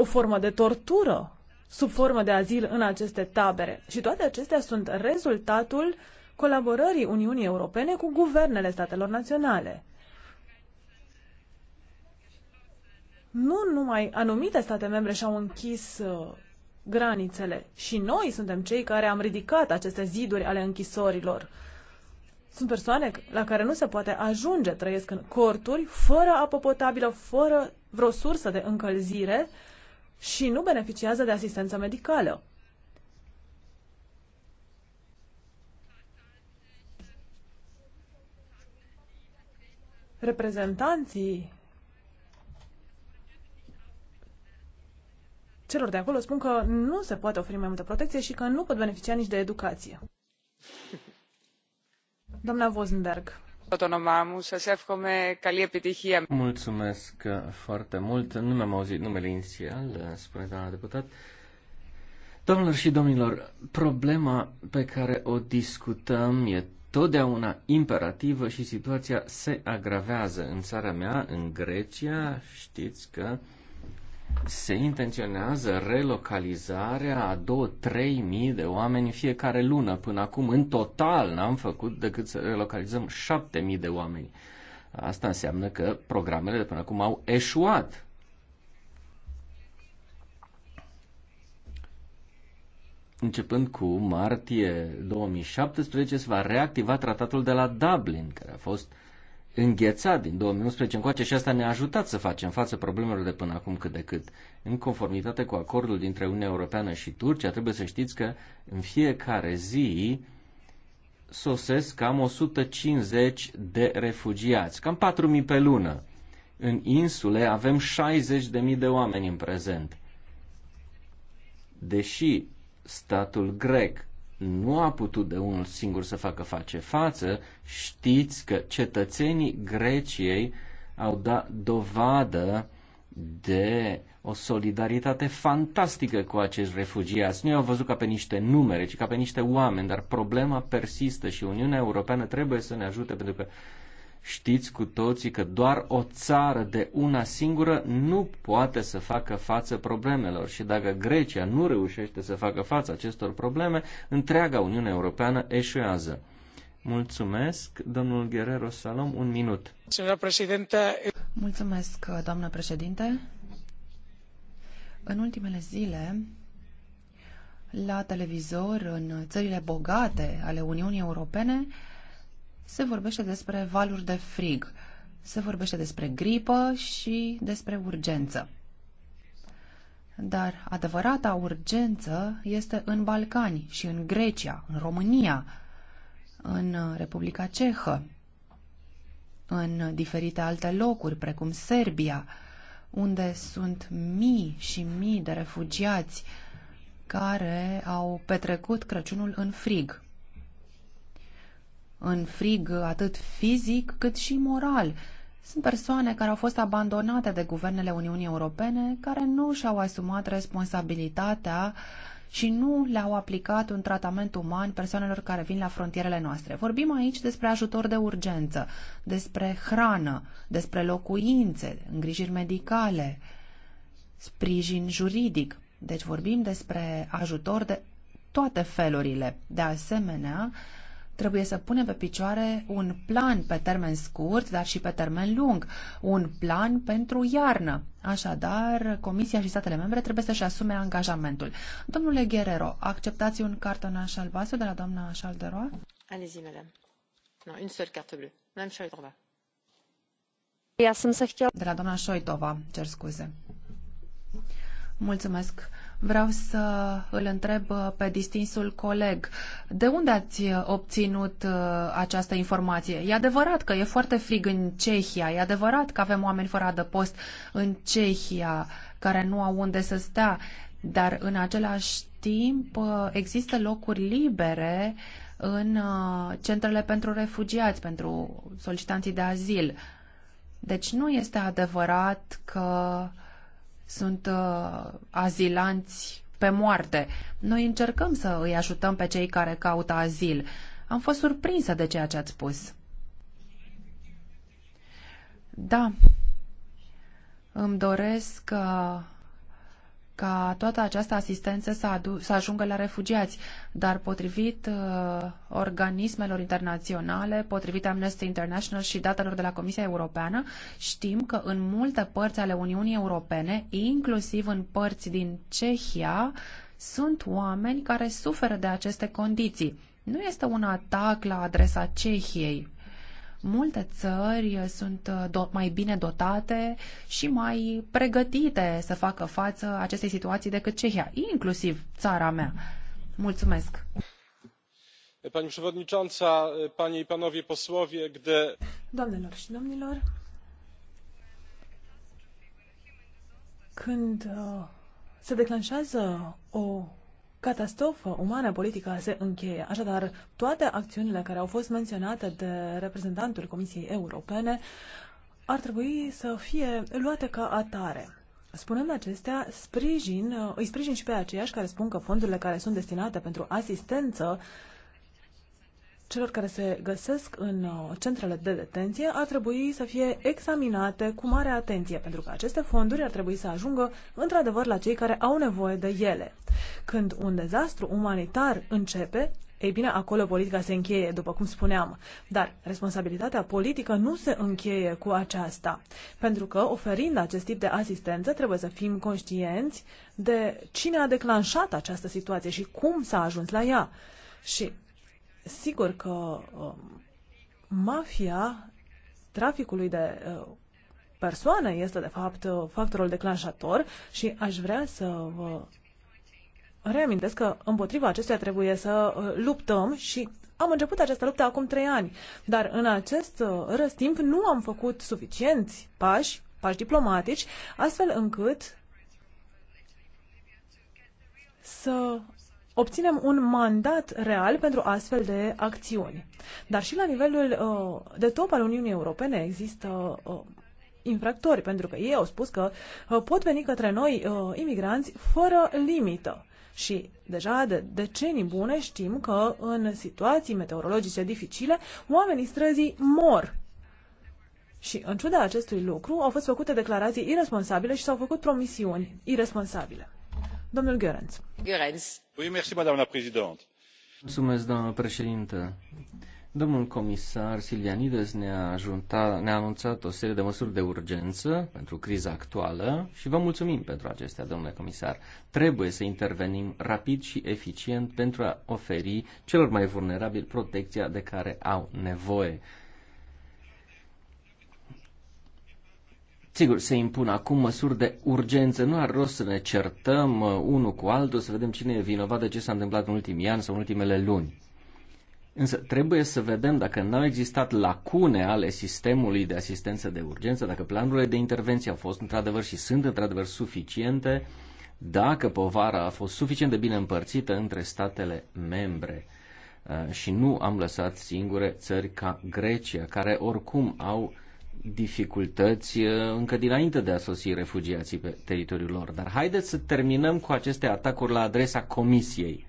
o formă de tortură sub formă de azil în aceste tabere. Și toate acestea sunt rezultatul colaborării Uniunii Europene cu guvernele statelor naționale. Nu numai anumite state membre și-au închis uh, granițele și noi suntem cei care am ridicat aceste ziduri ale închisorilor. Sunt persoane la care nu se poate ajunge, trăiesc în corturi, fără apă potabilă, fără vreo sursă de încălzire și nu beneficiază de asistență medicală. Reprezentanții celor de acolo spun că nu se poate oferi mai multă protecție și că nu pot beneficia nici de educație. Doamna Vosenberg. Mulțumesc foarte mult. Nu mi-am auzit numele inițial, spune doamna deputat. Domnilor și domnilor, problema pe care o discutăm e totdeauna imperativă și situația se agravează. În țara mea, în Grecia, știți că se intenționează relocalizarea a 2-3 mii de oameni în fiecare lună. Până acum, în total, n-am făcut decât să relocalizăm 7 mii de oameni. Asta înseamnă că programele de până acum au eșuat. Începând cu martie 2017 se va reactiva tratatul de la Dublin, care a fost uh, înghețat din 2011 încoace și asta ne-a ajutat să facem față problemelor de până acum cât de cât. În conformitate cu acordul dintre Uniunea Europeană și Turcia, trebuie să știți că în fiecare zi sosesc cam 150 de refugiați, cam 4.000 pe lună. În insule avem 60.000 de oameni în prezent. Deși statul grec nu a putut de unul singur să facă face față, știți că cetățenii Greciei au dat dovadă de o solidaritate fantastică cu acești refugiați. Nu i-au văzut ca pe niște numere, ci ca pe niște oameni, dar problema persistă și Uniunea Europeană trebuie să ne ajute pentru că Știți cu toții că doar o țară de una singură nu poate să facă față problemelor și dacă Grecia nu reușește să facă față acestor probleme, întreaga Uniune Europeană eșuează. Mulțumesc, domnul Guerrero Salom, un minut. Eh, Mulțumesc, doamnă președinte. În ultimele zile, la televizor, în țările bogate ale Uniunii Europene, se vorbește despre valuri de frig, se vorbește despre gripă și despre urgență. Dar adevărata urgență este în Balcani și în Grecia, în România, în Republica Cehă, în diferite alte locuri, precum Serbia, unde sunt mii și mii de refugiați care au petrecut Crăciunul în frig în frig atât fizic cât și moral. Sunt persoane care au fost abandonate de guvernele Uniunii Europene, care nu și-au asumat responsabilitatea și nu le-au aplicat un tratament uman persoanelor care vin la frontierele noastre. Vorbim aici despre ajutor de urgență, despre hrană, despre locuințe, îngrijiri medicale, sprijin juridic. Deci vorbim despre ajutor de toate felurile. De asemenea, uh, Trebuie să punem pe picioare un plan pe termen scurt, dar și pe termen lung, un plan pentru iarnă. Așadar, Comisia și statele membre trebuie să-și asume angajamentul. Domnule Guerrero, acceptați un cartonaș albastru de la doamna Chalderoa? Allez-y, madame. Non, une seule carte bleue. Madame Chalderoa. De la doamna Șoitova, cer scuze. Mulțumesc. Vreau să îl întreb uh, pe distinsul coleg, de unde ați uh, obținut uh, această informație? E adevărat că e foarte frig în Cehia, e adevărat că avem oameni fără adăpost în Cehia care nu au unde să stea, dar în același timp există locuri libere în centrele pentru refugiați, pentru solicitanții de azil. Deci nu este adevărat că uh, sunt uh, azilanți pe moarte. Noi încercăm să îi ajutăm pe cei care caută azil. Am fost surprinsă de ceea ce ați spus. Da, îmi doresc uh, ca toată această asistență să, adu- să ajungă la refugiați, dar potrivit uh, organismelor internaționale, potrivit Amnesty International și datelor de la Comisia Europeană, știm că în multe părți ale Uniunii Europene, inclusiv în părți din Cehia, sunt oameni care suferă de aceste condiții. Nu este un atac la adresa Cehiei, Multe țări sunt uh, mai bine dotate și mai pregătite să facă față acestei situații decât Cehia, inclusiv țara mea. Mulțumesc! Pani przewodnicząca, panie i panowie posłowie, gdy... Doamnelor și domnilor, când uh, se declanșează o Catastrofă umană politică se încheie. Așadar, toate acțiunile care au fost menționate de reprezentantul Comisiei Europene ar trebui să fie luate ca atare. Spunând acestea, sprijin, îi sprijin și pe aceiași care spun că fondurile care sunt destinate pentru asistență celor care se găsesc în uh, centrele de detenție ar trebui să fie examinate cu mare atenție, pentru că aceste fonduri ar trebui să ajungă într-adevăr la cei care au nevoie de ele. Când un dezastru umanitar începe, ei bine, acolo politica se încheie, după cum spuneam, dar responsabilitatea politică nu se încheie cu aceasta, pentru că oferind acest tip de asistență trebuie să fim conștienți de cine a declanșat această situație și cum s-a ajuns la ea. Și Sigur că um, mafia traficului de uh, persoane este, de fapt, uh, factorul declanșator și aș vrea să vă reamintesc că împotriva acestuia trebuie să uh, luptăm și am început această luptă acum trei ani, dar în acest răstimp nu am făcut suficienți pași, pași diplomatici, astfel încât să obținem un mandat real pentru astfel de acțiuni. Dar și la nivelul uh, de top al Uniunii Europene există uh, infractori, pentru că ei au spus că uh, pot veni către noi uh, imigranți fără limită. Și deja de decenii bune știm că în situații meteorologice dificile, oamenii străzii mor. Și în ciuda acestui lucru au fost făcute declarații irresponsabile și s-au făcut promisiuni irresponsabile doamnă președinte. președintă. Domnul comisar Silvianides ne-a anunțat o serie de măsuri de urgență pentru criza actuală și vă mulțumim pentru acestea, domnule comisar. Trebuie să intervenim rapid și eficient pentru a oferi celor mai vulnerabili protecția de care au nevoie. Sigur, se impun acum măsuri de urgență. Nu ar rost să ne certăm uh, unul cu altul, să vedem cine e vinovat de ce s-a întâmplat în ultimii ani sau în ultimele luni. Însă trebuie să vedem dacă n-au existat lacune ale sistemului de asistență de urgență, dacă planurile de intervenție au fost într-adevăr și sunt într-adevăr suficiente, dacă povara a fost suficient de bine împărțită între statele membre uh, și nu am lăsat singure țări ca Grecia, care oricum au dificultăți uh, încă dinainte de a sosi refugiații pe teritoriul lor. Dar haideți să terminăm cu aceste atacuri la adresa Comisiei.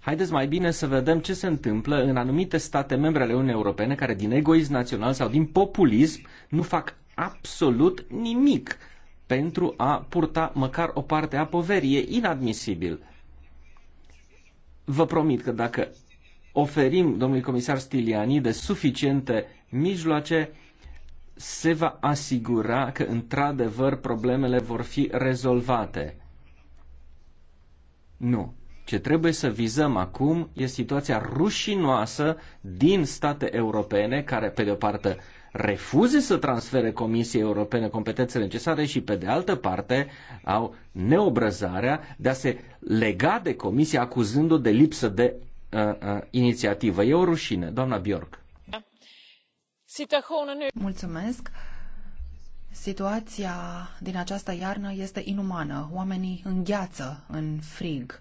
Haideți mai bine să vedem ce se întâmplă în anumite state membre ale Uniunii Europene care din egoism național sau din populism nu fac absolut nimic pentru a purta măcar o parte a poverii. E inadmisibil. Vă promit că dacă oferim domnului comisar Stiliani de suficiente mijloace, se va asigura că într-adevăr problemele vor fi rezolvate. Nu. Ce trebuie să vizăm acum e situația rușinoasă din state europene care, pe de o parte, refuze să transfere Comisiei Europene competențele necesare și, pe de altă parte, au neobrăzarea de a se lega de Comisie acuzându-o de lipsă de uh, uh, inițiativă. E o rușine, doamna Bjork. Mulțumesc. Situația din această iarnă este inumană. Oamenii îngheață în frig,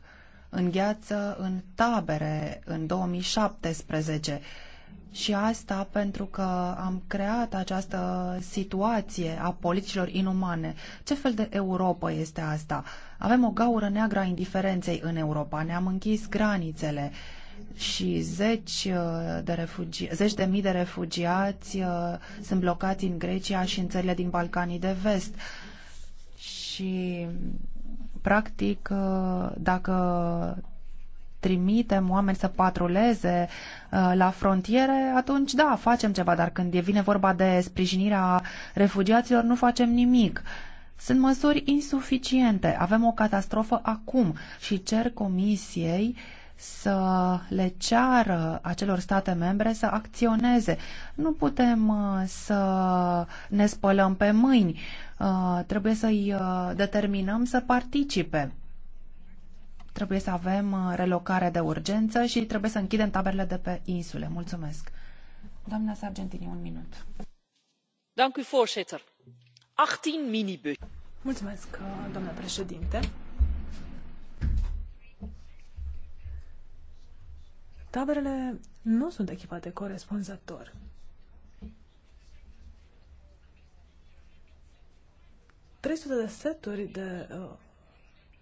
îngheață în tabere în 2017. Și asta pentru că am creat această situație a politicilor inumane. Ce fel de Europa este asta? Avem o gaură neagră a indiferenței în Europa. Ne-am închis granițele și zeci uh, de, refugi, zeci de mii de refugiați uh, sunt blocați în Grecia și în țările din Balcanii de vest. Și, practic, uh, dacă trimitem oameni să patruleze la frontiere, atunci da, facem ceva, dar când vine vorba de sprijinirea refugiaților, nu facem nimic. Sunt măsuri insuficiente. Avem o catastrofă acum și cer comisiei uh, să le ceară acelor state membre să acționeze. Nu putem uh, să ne spălăm pe mâini. Uh, trebuie să-i uh, determinăm să participe. Trebuie să avem relocare de urgență și trebuie să închidem taberele de pe insule. Mulțumesc. Doamna Sargentini, un minut. Mulțumesc, doamna președinte. Taberele nu sunt echipate corespunzător. ...300 de seturi de uh,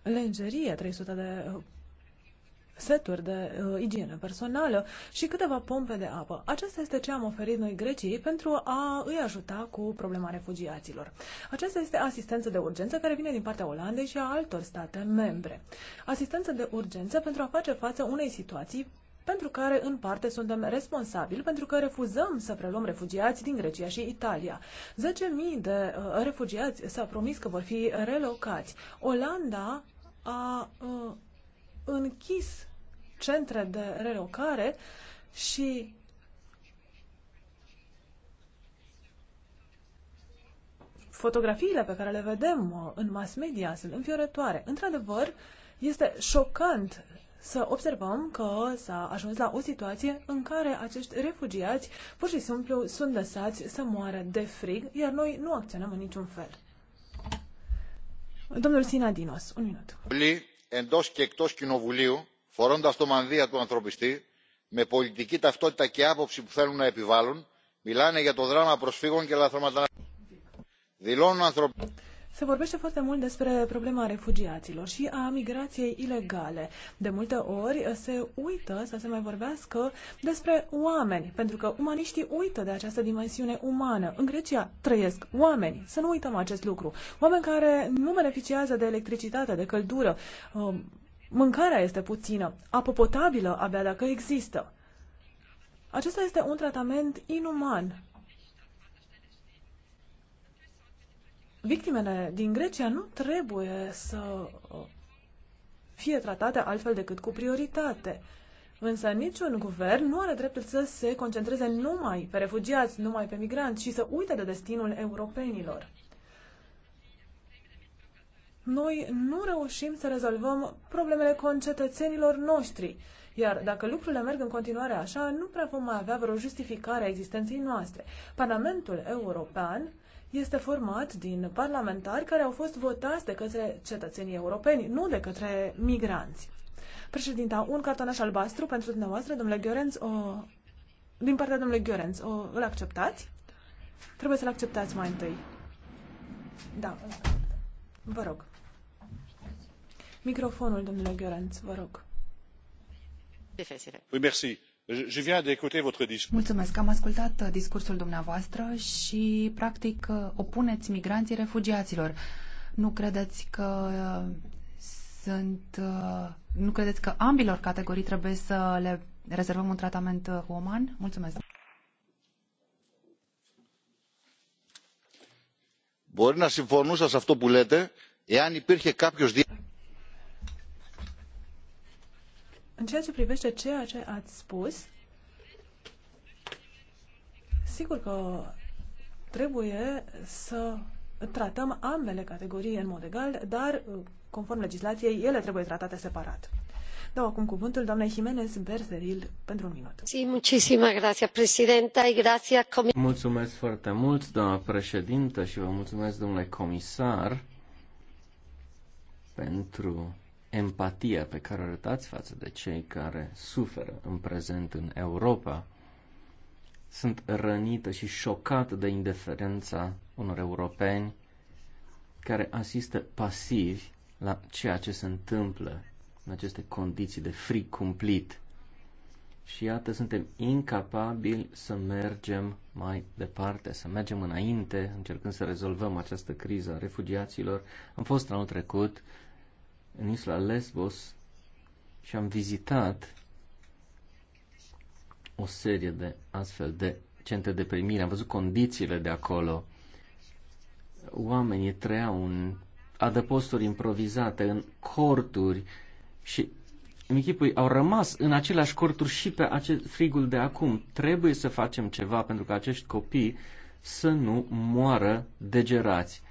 lenjerie, 300 de uh, seturi de uh, igienă personală și câteva pompe de apă. Acesta este ce am oferit noi Greciei pentru a îi ajuta cu problema refugiaților. Aceasta este asistență de urgență care vine din partea Olandei și a altor state membre. Asistență de urgență pentru a face față unei situații pentru care în parte suntem responsabili, pentru că refuzăm să preluăm refugiați din Grecia și Italia. 10.000 de uh, refugiați s au promis că vor fi relocați. Olanda a uh, închis centre de relocare și fotografiile pe care le vedem uh, în mass media sunt înfiorătoare. Într-adevăr, este șocant să observăm că s-a ajuns la o situație în care acești refugiați pur și simplu sunt lăsați să moară de frig, iar noi nu acționăm în niciun fel. Domnul Sinadinos, un minut. Εντός και εκτός κοινοβουλίου, φορώντας το μανδύα του ανθρωπιστή, με πολιτική ταυτότητα και άποψη που θέλουν να επιβάλλουν, μιλάνε για το δράμα προσφύγων και λαθρομεταναστών. Δηλώνουν ανθρωπιστή. Se vorbește foarte mult despre problema refugiaților și a migrației ilegale. De multe ori se uită să se mai vorbească despre oameni, pentru că umaniștii uită de această dimensiune umană. În Grecia trăiesc oameni, să nu uităm acest lucru. Oameni care nu beneficiază de electricitate, de căldură, um, mâncarea este puțină, apă potabilă abia dacă există. Acesta este un tratament inuman victimele din Grecia nu trebuie să uh, fie tratate altfel decât cu prioritate. Însă niciun guvern nu are dreptul să se concentreze numai pe refugiați, numai pe migranți și să uite de destinul europenilor. Noi nu reușim să rezolvăm problemele concetățenilor noștri, iar dacă lucrurile merg în continuare așa, nu prea vom mai avea vreo justificare a existenței noastre. Parlamentul European este format din parlamentari care au fost votați de către cetățenii europeni, nu de către migranți. Președinta, un cartonaș albastru pentru dumneavoastră, domnule Gheorenț, o... din partea domnului Gheorenț, o... îl acceptați? Trebuie să-l acceptați mai întâi. Da, vă rog. Microfonul, domnule Gheorenț, vă rog. Oui, merci Mulțumesc, am ascultat uh, discursul dumneavoastră și, practic, uh, opuneți migranții refugiaților. Nu credeți că uh, sunt. Nu credeți că ambilor categorii trebuie să le rezervăm un tratament uman? Mulțumesc. Μπορεί να συμφωνούσα σε αυτό που λέτε, εάν υπήρχε κάποιος... În ceea ce privește ceea ce ați spus, sigur că trebuie să tratăm ambele categorii în mod egal, dar uh, conform legislației ele trebuie tratate separat. Dau acum cuvântul doamnei Jimenez Berzeril pentru un minut. Sí, gracias, presidenta, y gracias, Mulțumesc foarte mult, doamna președintă, și vă mulțumesc, domnule comisar, pentru empatia pe care o arătați față de cei care suferă în prezent în Europa. Sunt rănită și șocată de indiferența unor europeni care asistă pasivi la ceea ce se întâmplă în aceste condiții de fric cumplit. Și iată, suntem incapabili să mergem mai departe, să mergem înainte, încercând să rezolvăm această criză a refugiaților. Am fost anul trecut în insula Lesbos și am vizitat o serie de astfel de centre de primire, am văzut condițiile de acolo. Oamenii trăiau în adăposturi improvizate, în corturi și echipul au rămas în aceleași corturi și pe acest frigul de acum. Trebuie să facem ceva pentru că acești copii să nu moară degerați.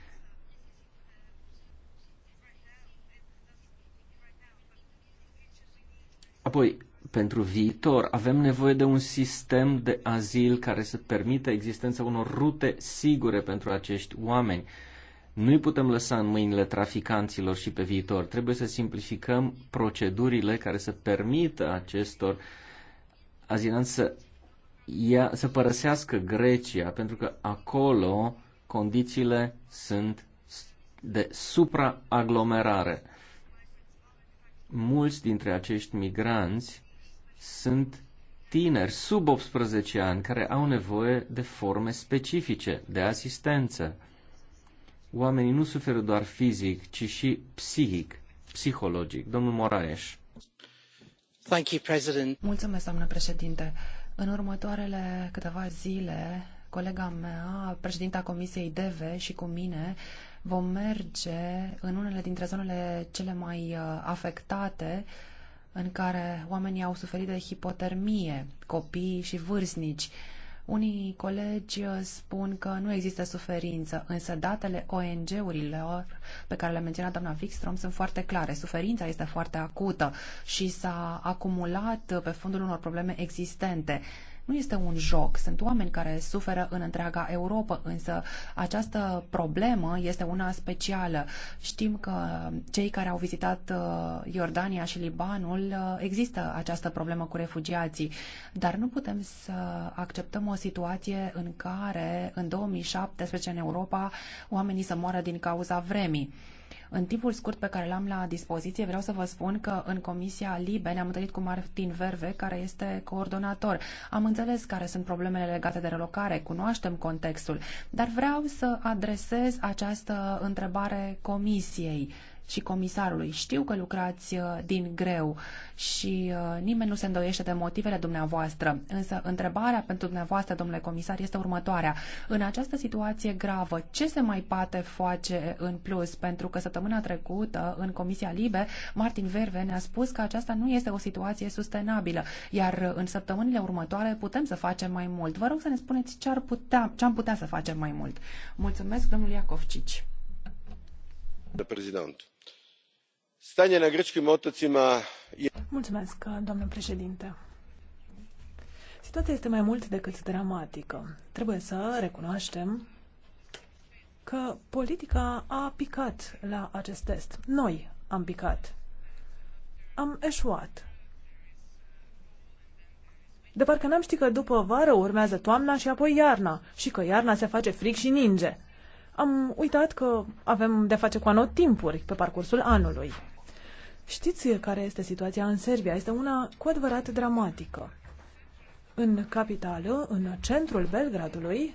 Apoi, pentru viitor, avem nevoie de un sistem de azil care să permită existența unor rute sigure pentru acești oameni. nu îi putem lăsa în mâinile traficanților și pe viitor. Trebuie să simplificăm procedurile care să permită acestor azilanți să, ia, să părăsească Grecia, pentru că acolo condițiile sunt de supraaglomerare mulți dintre acești migranți sunt tineri sub 18 ani care au nevoie de forme specifice de asistență. Oamenii nu suferă doar fizic, ci și psihic, psihologic. Domnul Moraes. Thank you, President. Mulțumesc, doamnă președinte. În următoarele câteva zile, colega mea, președinta Comisiei DEVE și cu mine, Vom merge în unele dintre zonele cele mai uh, afectate în care oamenii au suferit de hipotermie, copii și vârstnici. Unii colegi uh, spun că nu există suferință, însă datele ONG-urilor pe care le-a menționat doamna Wikstrom sunt foarte clare. Suferința este foarte acută și s-a acumulat pe fundul unor probleme existente. Nu este un joc, sunt oameni care suferă în întreaga Europa, însă această problemă este una specială. Știm că cei care au vizitat uh, Iordania și Libanul uh, există această problemă cu refugiații, dar nu putem să acceptăm o situație în care în 2017 în Europa oamenii să moară din cauza vremii. În timpul scurt pe care l-am la dispoziție, vreau să vă spun că în Comisia Libe ne-am întâlnit cu Martin Verve, care este coordonator. Am înțeles care sunt problemele legate de relocare, cunoaștem contextul, dar vreau să adresez această întrebare Comisiei și comisarului. Știu că lucrați uh, din greu și uh, nimeni nu se îndoiește de motivele dumneavoastră, însă întrebarea pentru dumneavoastră, domnule comisar, este următoarea. În această situație gravă, ce se mai poate face în plus? Pentru că săptămâna trecută, în Comisia Libe, Martin Verve ne-a spus că aceasta nu este o situație sustenabilă, iar uh, în săptămânile următoare putem să facem mai mult. Vă rog să ne spuneți ce, ar putea, ce am putea să facem mai mult. Mulțumesc, domnul Iacovcici. prezident domnule președinte. situația este mai mult decât dramatică. Trebuie să recunoaștem că politica a picat la acest test. Noi am picat. Am eșuat. De parcă n-am ști că după vară urmează toamna și apoi iarna și că iarna se face fric și ninge. Am uitat că avem de face cu anotimpuri pe parcursul anului. Știți care este situația în Serbia? Este una cu adevărat dramatică. În capitală, în centrul Belgradului,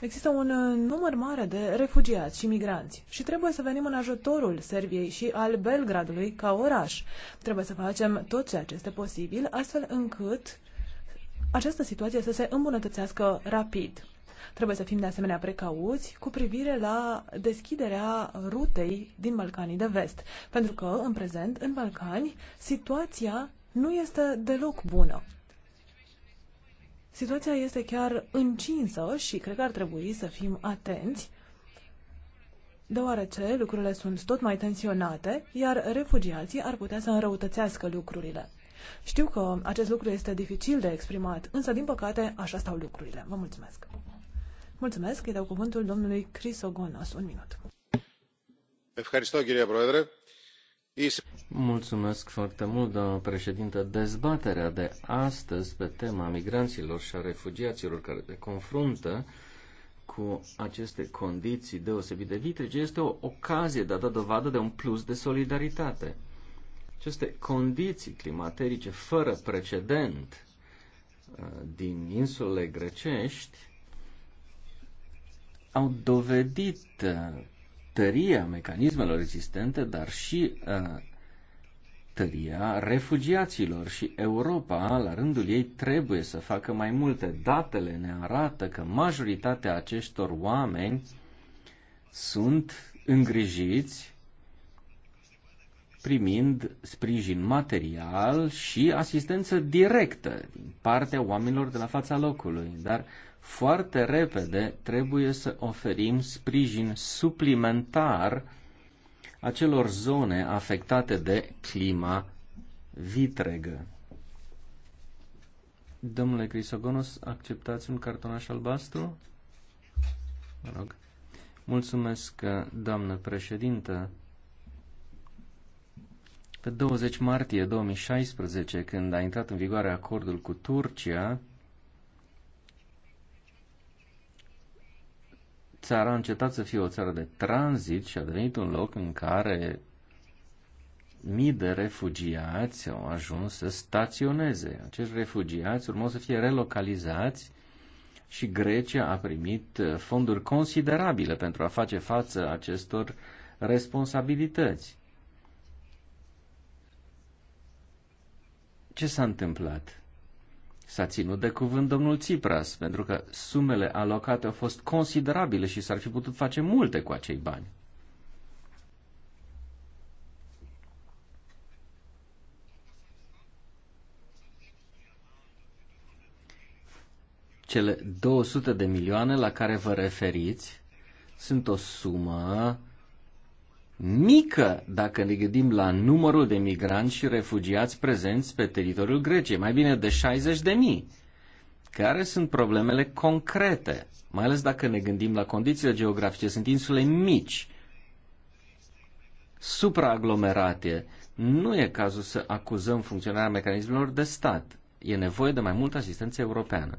există un uh, număr mare de refugiați și migranți și trebuie să venim în ajutorul Serbiei și al Belgradului ca oraș. Trebuie să facem tot ceea ce este posibil, astfel încât această situație să se îmbunătățească rapid. Trebuie să fim de asemenea precauți cu privire la deschiderea rutei din Balcanii de Vest, pentru că, în prezent, în Balcani, situația nu este deloc bună. Situația este chiar încinsă și cred că ar trebui să fim atenți, deoarece lucrurile sunt tot mai tensionate, iar refugiații ar putea să înrăutățească lucrurile. Știu că acest lucru este dificil de exprimat, însă, din păcate, așa stau lucrurile. Vă mulțumesc! Mulțumesc, îi dau cuvântul domnului Ogonos. Un minut. Mulțumesc foarte mult, doamnă președintă. Dezbaterea de astăzi pe tema migranților și a refugiaților care se confruntă cu aceste condiții deosebit de vitrige este o ocazie de a da dovadă de un plus de solidaritate. Aceste condiții climaterice fără precedent uh, din insulele grecești au dovedit uh, tăria mecanismelor existente, dar și uh, tăria refugiaților și Europa, la rândul ei, trebuie să facă mai multe. Datele ne arată că majoritatea acestor oameni sunt îngrijiți primind sprijin material și asistență directă din partea oamenilor de la fața locului. Dar foarte repede trebuie să oferim sprijin suplimentar acelor zone afectate de clima vitregă. Domnule Crisogonos, acceptați un cartonaș albastru? Mă rog. Mulțumesc, doamnă președintă. Pe 20 martie 2016, când a intrat în vigoare acordul cu Turcia, țara a încetat să fie o țară de tranzit și a devenit un loc în care mii de refugiați au ajuns să staționeze. Acești refugiați urmau să fie relocalizați și Grecia a primit uh, fonduri considerabile pentru a face față acestor responsabilități. Ce s-a întâmplat? S-a ținut de cuvânt domnul Tsipras, pentru că sumele alocate au fost considerabile și s-ar fi putut face multe cu acei bani. Cele 200 de milioane la care vă referiți sunt o sumă mică dacă ne gândim la numărul de migranți și refugiați prezenți pe teritoriul Greciei, mai bine de 60 de mii. Care sunt problemele concrete, mai ales dacă ne gândim la condițiile geografice? Sunt insule mici, supraaglomerate. Nu e cazul să acuzăm funcționarea mecanismelor de stat. E nevoie de mai multă asistență europeană.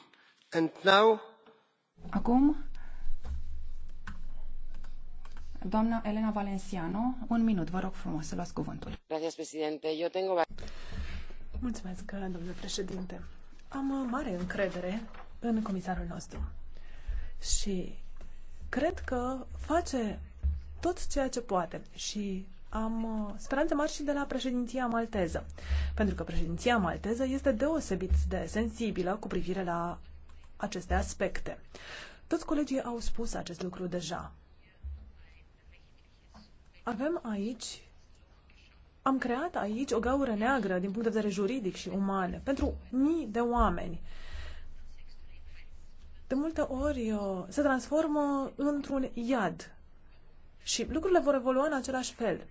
Acum, doamna Elena Valenciano, un minut, vă rog frumos să luați cuvântul. Mulțumesc, domnule președinte. Am mare încredere în comisarul nostru și cred că face tot ceea ce poate și am uh, speranțe mari și de la președinția malteză, pentru că președinția malteză este deosebit de sensibilă cu privire la aceste aspecte. Toți colegii au spus acest lucru deja. Avem aici am creat aici o gaură neagră din punct de vedere juridic și uman pentru mii de oameni. De multe ori uh, se transformă într-un iad și lucrurile vor evolua în același fel.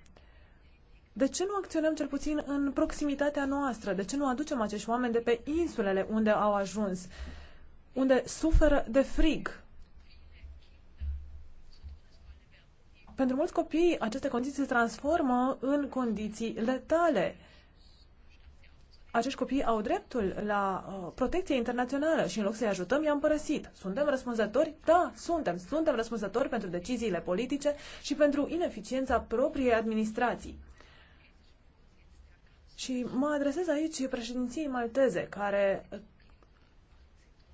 De ce nu acționăm cel puțin în proximitatea noastră? De ce nu aducem acești oameni de pe insulele unde au ajuns? unde suferă de frig. Pentru mulți copii, aceste condiții se transformă în condiții letale. Acești copii au dreptul la uh, protecție internațională și în loc să-i ajutăm, i-am părăsit. Suntem răspunzători? Da, suntem. Suntem răspunzători pentru deciziile politice și pentru ineficiența propriei administrații. Și mă adresez aici președinției malteze, care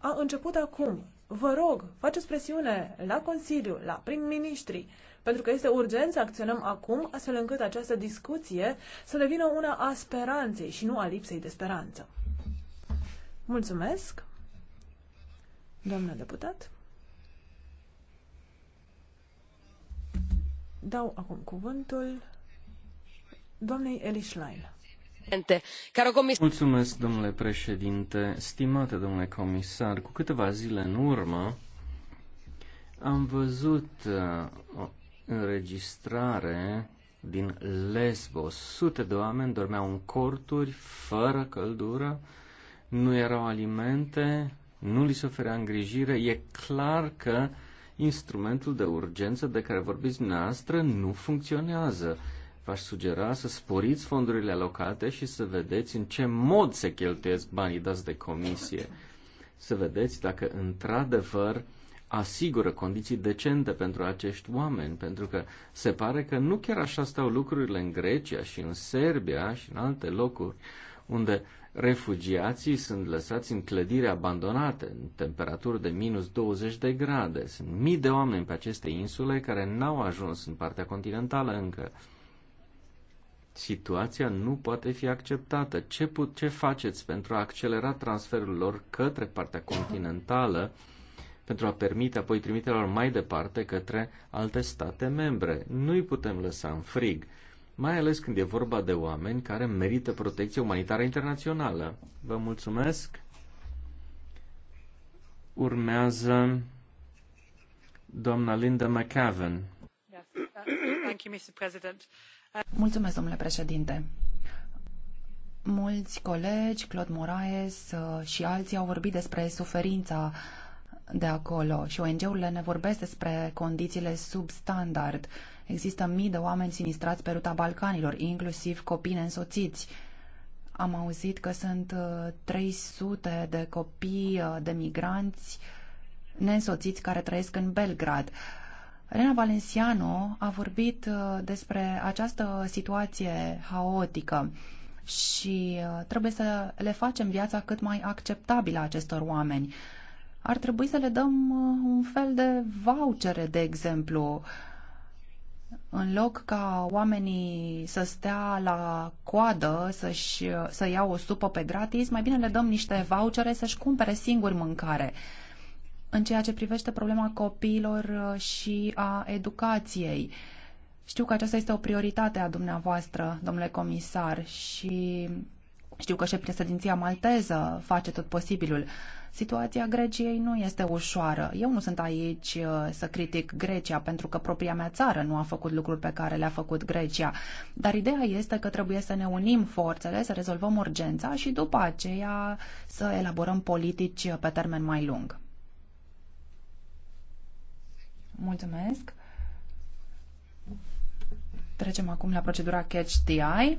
a început acum. Vă rog, faceți presiune la Consiliu, la prim-ministri, pentru că este urgent să acționăm acum, astfel încât această discuție să devină una a speranței și nu a lipsei de speranță. Mulțumesc, doamnă deputat. Dau acum cuvântul doamnei Elișlain. Mulțumesc, domnule președinte. Stimate domnule comisar, cu câteva zile în urmă am văzut uh, o înregistrare din Lesbos. Sute de oameni dormeau în corturi, fără căldură, nu erau alimente, nu li se oferea îngrijire. E clar că instrumentul de urgență de care vorbiți dumneavoastră nu funcționează v-aș sugera să sporiți fondurile alocate și să vedeți în ce mod se cheltuiesc banii dați de comisie. Să vedeți dacă într-adevăr asigură condiții decente pentru acești oameni, pentru că se pare că nu chiar așa stau lucrurile în Grecia și în Serbia și în alte locuri, unde refugiații sunt lăsați în clădiri abandonate, în temperaturi de minus 20 de grade. Sunt mii de oameni pe aceste insule care n-au ajuns în partea continentală încă. Situația nu poate fi acceptată. Ce, put, ce faceți pentru a accelera transferul lor către partea continentală, pentru a permite apoi trimiterea lor mai departe către alte state membre? Nu-i putem lăsa în frig, mai ales când e vorba de oameni care merită protecție umanitară internațională. Vă mulțumesc! Urmează doamna Linda McAvan. Yes. Uh, thank you, Mr. President. Mulțumesc, domnule președinte. Mulți colegi, Claude Moraes uh, și alții au vorbit despre suferința de acolo și ONG-urile ne vorbesc despre condițiile substandard. Există mii de oameni sinistrați pe ruta Balcanilor, inclusiv copii neînsoțiți. Am auzit că sunt 300 uh, de copii uh, de migranți neînsoțiți care trăiesc în Belgrad. Elena Valenciano a vorbit uh, despre această situație haotică și uh, trebuie să le facem viața cât mai acceptabilă acestor oameni. Ar trebui să le dăm uh, un fel de vouchere, de exemplu, în loc ca oamenii să stea la coadă să-și, să iau o supă pe gratis, mai bine le dăm niște vouchere să-și cumpere singuri mâncare în ceea ce privește problema copiilor uh, și a educației. Știu că aceasta este o prioritate a dumneavoastră, domnule comisar, și știu că și președinția malteză face tot posibilul. Situația Greciei nu este ușoară. Eu nu sunt aici uh, să critic Grecia, pentru că propria mea țară nu a făcut lucruri pe care le-a făcut Grecia. Dar ideea este că trebuie să ne unim forțele, să rezolvăm urgența și după aceea să elaborăm politici pe termen mai lung. Mulțumesc. Trecem acum la procedura Catch the Eye.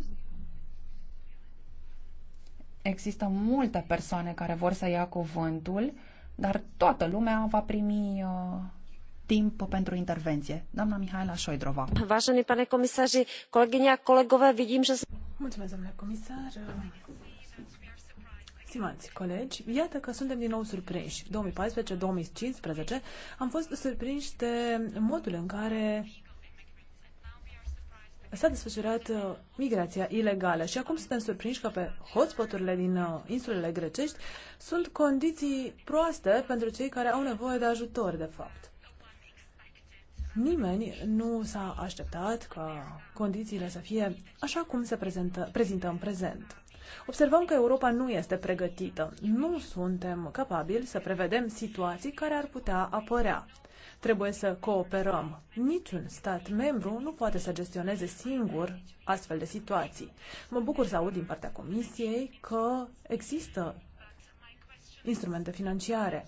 Există multe persoane care vor să ia cuvântul, dar toată lumea va primi uh, timp pentru intervenție. Doamna Mihaela Șoidrova. Vážený pane komisaři, colegii, colegove, vidim, că... Mulțumesc, domnule comisar. Stimați colegi, iată că suntem din nou surprinși. 2014-2015 am fost surprinși de modul în care s-a desfășurat uh, migrația ilegală și acum suntem surprinși că pe hotspoturile din uh, insulele grecești sunt condiții proaste pentru cei care au nevoie de ajutor, de fapt. Nimeni nu s-a așteptat ca condițiile să fie așa cum se prezintă, prezintă în prezent. Observăm că Europa nu este pregătită. Nu suntem capabili să prevedem situații care ar putea apărea. Trebuie să cooperăm. Niciun stat membru nu poate să gestioneze singur astfel de situații. Mă bucur să aud din partea Comisiei că există instrumente financiare.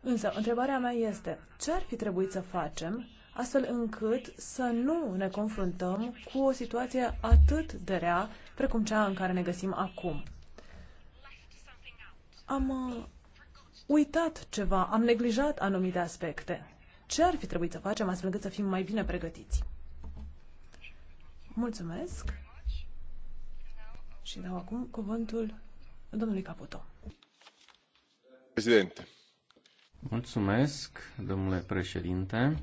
Însă, întrebarea mea este, ce ar fi trebuit să facem astfel încât să nu ne confruntăm cu o situație atât de rea precum cea în care ne găsim acum. Am uh, uitat ceva, am neglijat anumite aspecte. Ce ar fi trebuit să facem astfel încât să fim mai bine pregătiți? Mulțumesc. Și dau acum cuvântul domnului Caputo. Președinte. Mulțumesc, domnule președinte.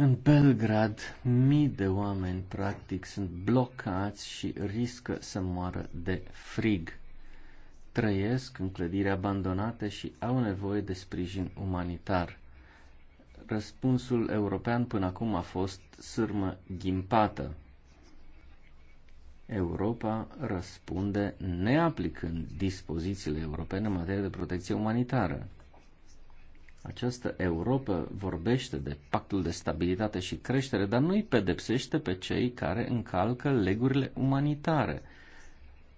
În Belgrad, mii de oameni practic sunt blocați și riscă să moară de frig. Trăiesc în clădiri abandonate și au nevoie de sprijin umanitar. Răspunsul european până acum a fost sârmă ghimpată. Europa răspunde neaplicând dispozițiile europene în materie de protecție umanitară această Europa vorbește de pactul de stabilitate și creștere, dar nu îi pedepsește pe cei care încalcă legurile umanitare.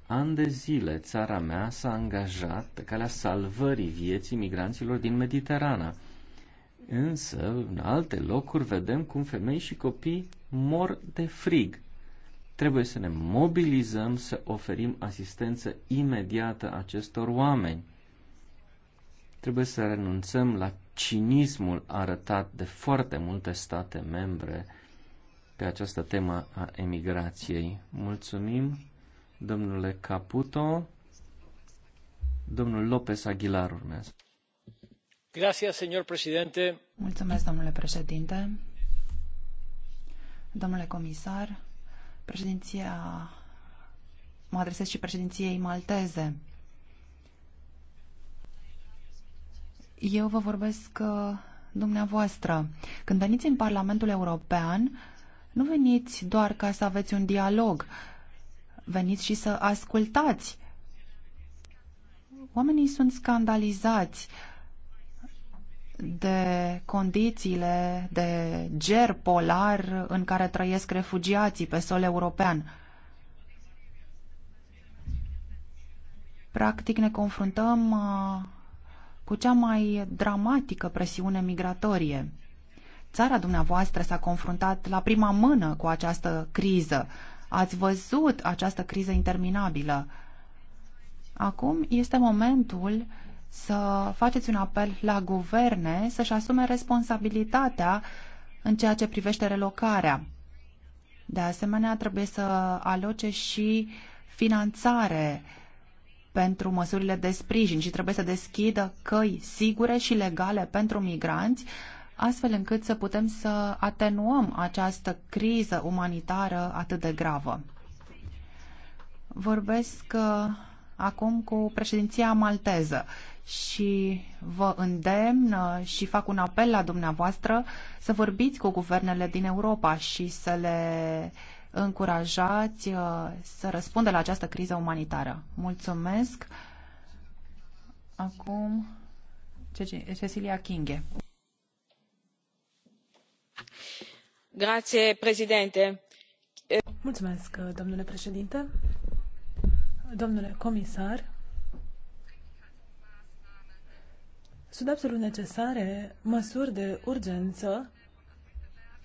An de zile, țara mea s-a angajat pe calea salvării vieții migranților din Mediterana. Însă, în alte locuri, vedem cum femei și copii mor de frig. Trebuie să ne mobilizăm să oferim asistență imediată acestor oameni. Trebuie să renunțăm la cinismul arătat de foarte multe state membre pe această temă a emigrației. Mulțumim, domnule Caputo. Domnul López Aguilar urmează. Gracias, señor presidente. Mulțumesc, domnule președinte. Domnule comisar, președinția mă adresez și președinției malteze. eu vă vorbesc uh, dumneavoastră. Când veniți în Parlamentul European, nu veniți doar ca să aveți un dialog, veniți și să ascultați. Oamenii sunt scandalizați de condițiile de ger polar în care trăiesc refugiații pe sol european. Practic ne confruntăm uh, cu cea mai dramatică presiune migratorie. Țara dumneavoastră s-a confruntat la prima mână cu această criză. Ați văzut această criză interminabilă. Acum este momentul să faceți un apel la guverne să-și asume responsabilitatea în ceea ce privește relocarea. De asemenea, trebuie să aloce și finanțare uh, pentru măsurile de sprijin și trebuie să deschidă căi sigure și legale pentru migranți, astfel încât să putem să atenuăm această criză umanitară atât de gravă. Vorbesc uh, acum cu președinția malteză și vă îndemn uh, și fac un apel la dumneavoastră să vorbiți cu guvernele din Europa și să le încurajați uh, să răspundă la această criză umanitară. Mulțumesc. Acum, Cecilia Kinghe. Grație, președinte. Mulțumesc, uh, domnule președinte. Domnule comisar, sunt absolut necesare măsuri de urgență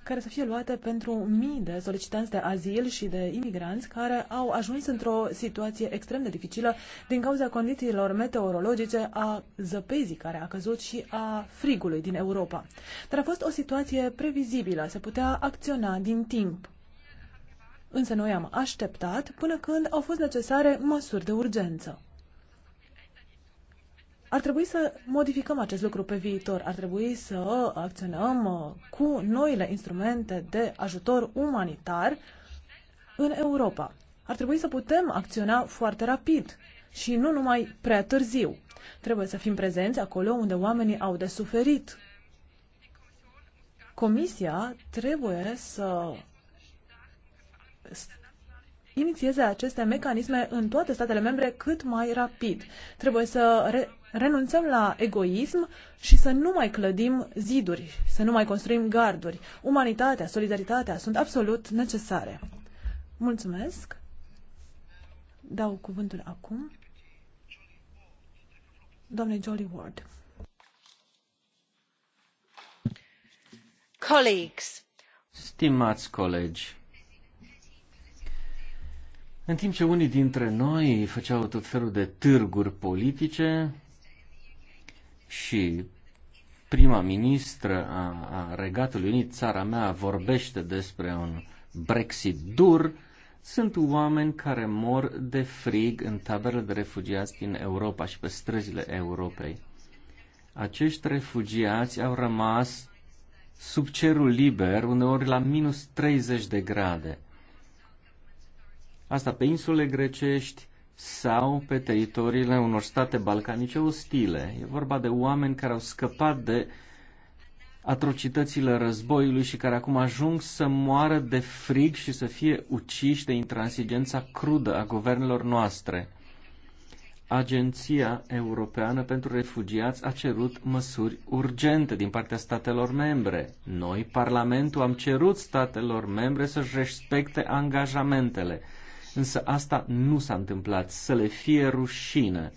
care să fie luate pentru mii de solicitanți de azil și de imigranți care au ajuns într-o situație extrem de dificilă din cauza condițiilor meteorologice, a zăpezii care a căzut și a frigului din Europa. Dar a fost o situație previzibilă, se putea acționa din timp. Însă noi am așteptat până când au fost necesare măsuri de urgență. Ar trebui să modificăm acest lucru pe viitor. Ar trebui să acționăm uh, cu noile instrumente de ajutor umanitar în Europa. Ar trebui să putem acționa foarte rapid și nu numai prea târziu. Trebuie să fim prezenți acolo unde oamenii au de suferit. Comisia trebuie să inițieze aceste mecanisme în toate statele membre cât mai rapid. Trebuie să re- renunțăm la egoism și să nu mai clădim ziduri, să nu mai construim garduri. Umanitatea, solidaritatea sunt absolut necesare. Mulțumesc. Dau cuvântul acum Doamne Jolly Ward. Colleagues. Stimați colegi, în timp ce unii dintre noi făceau tot felul de târguri politice și prima ministră a, a Regatului Unit, țara mea, vorbește despre un Brexit dur, sunt oameni care mor de frig în taberele de refugiați din Europa și pe străzile Europei. Acești refugiați au rămas sub cerul liber, uneori la minus 30 de grade asta pe insule grecești sau pe teritoriile unor state balcanice ostile. E vorba de oameni care au scăpat de atrocitățile războiului și care acum ajung să moară de frig și să fie uciși de intransigența crudă a guvernelor noastre. Agenția Europeană pentru Refugiați a cerut măsuri urgente din partea statelor membre. Noi, Parlamentul, am cerut statelor membre să-și respecte angajamentele însă asta nu s-a întâmplat, să le fie rușine.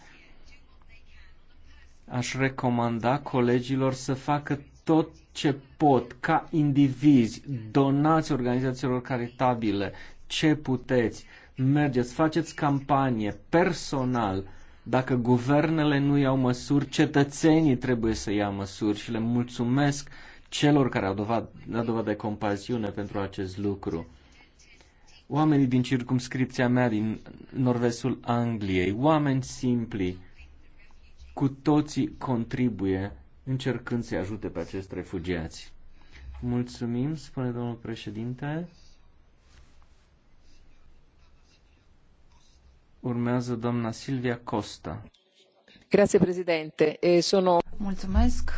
Aș recomanda colegilor să facă tot ce pot, ca indivizi, donați organizațiilor caritabile, ce puteți, mergeți, faceți campanie personal. Dacă guvernele nu iau măsuri, cetățenii trebuie să ia măsuri și le mulțumesc celor care au dovadă, de compasiune pentru acest lucru oamenii din circumscripția mea din nord-vestul Angliei, oameni simpli, cu toții contribuie încercând să-i ajute pe acești refugiați. Mulțumim, spune domnul președinte. Urmează doamna Silvia Costa. Grazie, președinte. Sono... Mulțumesc.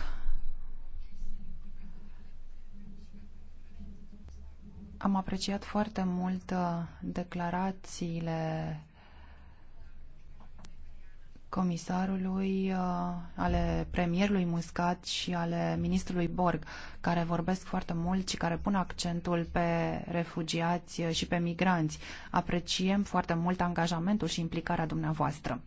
Am apreciat foarte mult uh, declarațiile comisarului, uh, ale premierului Muscat și ale ministrului Borg, care vorbesc foarte mult și care pun accentul pe refugiați și pe migranți. Apreciem foarte mult angajamentul și implicarea dumneavoastră.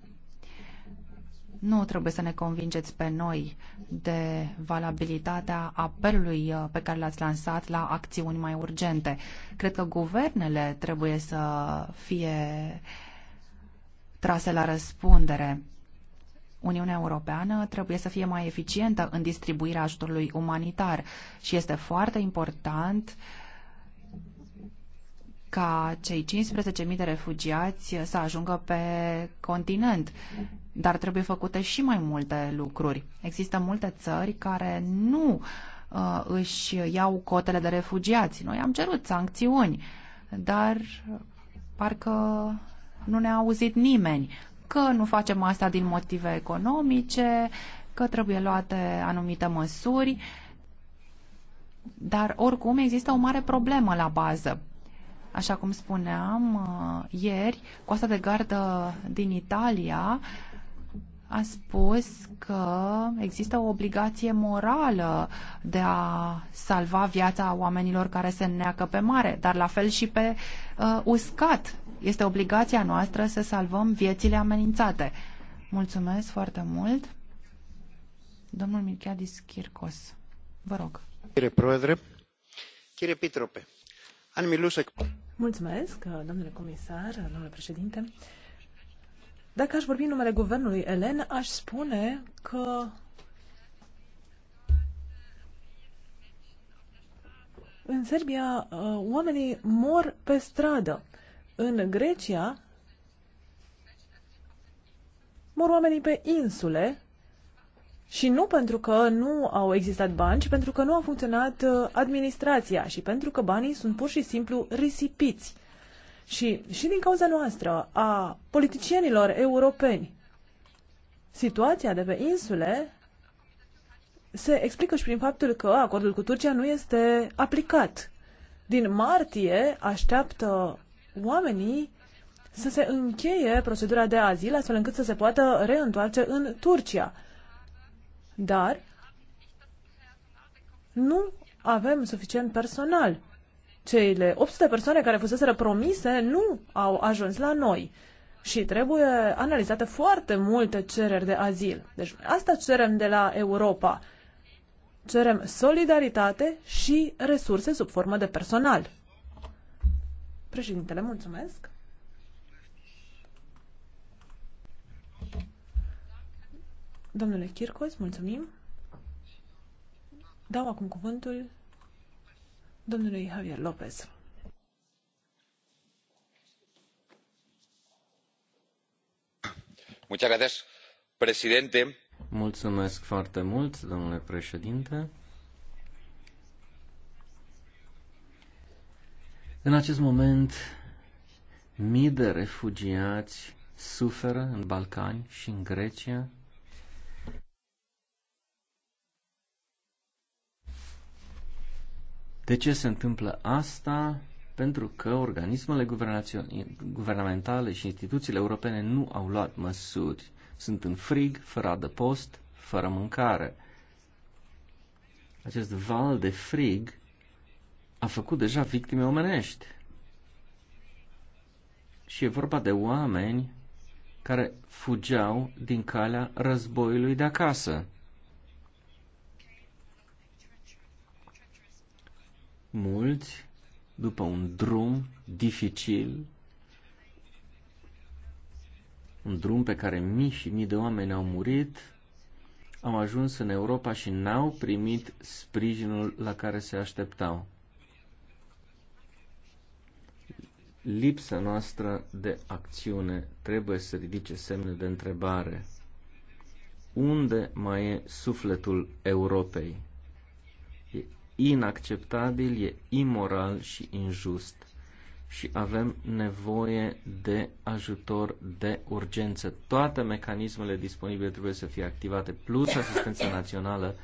Nu trebuie să ne convingeți pe noi de valabilitatea apelului uh, pe care l-ați lansat la acțiuni mai urgente. Cred că guvernele trebuie să fie trase la răspundere. Uniunea Europeană trebuie să fie mai eficientă în distribuirea ajutorului umanitar și este foarte important ca cei 15.000 de refugiați să ajungă pe continent dar trebuie făcute și mai multe lucruri. Există multe țări care nu uh, își iau cotele de refugiați. Noi am cerut sancțiuni, dar parcă nu ne-a auzit nimeni că nu facem asta din motive economice, că trebuie luate anumite măsuri, dar oricum există o mare problemă la bază. Așa cum spuneam uh, ieri, coasta de gardă din Italia a spus că există o obligație morală de a salva viața oamenilor care se neacă pe mare, dar la fel și pe uh, uscat. Este obligația noastră să salvăm viețile amenințate. Mulțumesc foarte mult. Domnul Mirchiadis Kirkos, vă rog. Mulțumesc, domnule comisar, domnule președinte. Dacă aș vorbi în numele guvernului Elen, aș spune că în Serbia uh, oamenii mor pe stradă. În Grecia mor oamenii pe insule și nu pentru că nu au existat bani, ci pentru că nu a funcționat uh, administrația și pentru că banii sunt pur și simplu risipiți și, și din cauza noastră, a politicienilor europeni, situația de pe insule se explică și prin faptul că acordul cu Turcia nu este aplicat. Din martie așteaptă oamenii să se încheie procedura de azil astfel încât să se poată reîntoarce în Turcia. Dar nu avem suficient personal. Cele 800 persoane care fuseseră promise nu au ajuns la noi și trebuie analizate foarte multe cereri de azil. Deci asta cerem de la Europa. Cerem solidaritate și resurse sub formă de personal. Președintele, mulțumesc. Domnule Chircos, mulțumim. Dau acum cuvântul domnului Javier Lopez. Mulțumesc foarte mult, domnule președinte. În acest moment, mii de refugiați suferă în Balcani și în Grecia De ce se întâmplă asta? Pentru că organismele guvernamentale și instituțiile europene nu au luat măsuri. Sunt în frig, fără adăpost, fără mâncare. Acest val de frig a făcut deja victime omenești. Și e vorba de oameni care fugeau din calea războiului de acasă. mulți, după un drum dificil, un drum pe care mii și mii de oameni au murit, au ajuns în Europa și n-au primit sprijinul la care se așteptau. Lipsa noastră de acțiune trebuie să ridice semne de întrebare. Unde mai e sufletul Europei? inacceptabil, e imoral și injust și avem nevoie de ajutor de urgență. Toate mecanismele disponibile trebuie să fie activate, plus asistența națională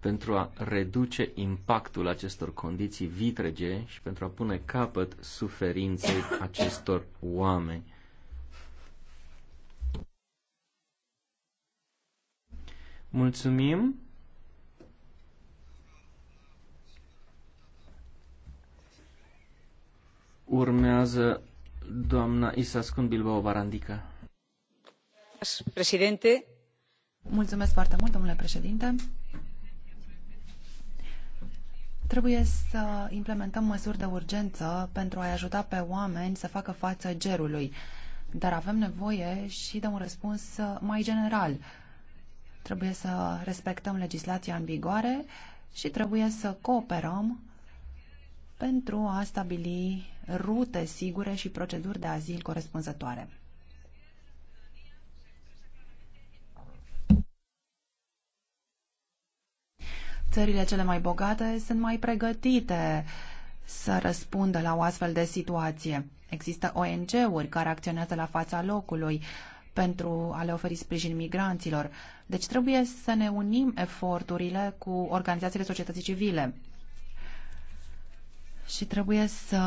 pentru a reduce impactul acestor condiții vitrege și pentru a pune capăt suferinței acestor oameni. Mulțumim! Urmează doamna Scund Bilbao Barandica. Președinte. Mulțumesc foarte mult, domnule președinte. Trebuie să implementăm măsuri de urgență pentru a-i ajuta pe oameni să facă față gerului, dar avem nevoie și de un răspuns mai general. Trebuie să respectăm legislația în vigoare și trebuie să cooperăm pentru a stabili rute sigure și proceduri de azil corespunzătoare. Țările cele mai bogate sunt mai pregătite să răspundă la o astfel de situație. Există ONG-uri care acționează la fața locului pentru a le oferi sprijin migranților. Deci trebuie să ne unim eforturile cu organizațiile societății civile și trebuie să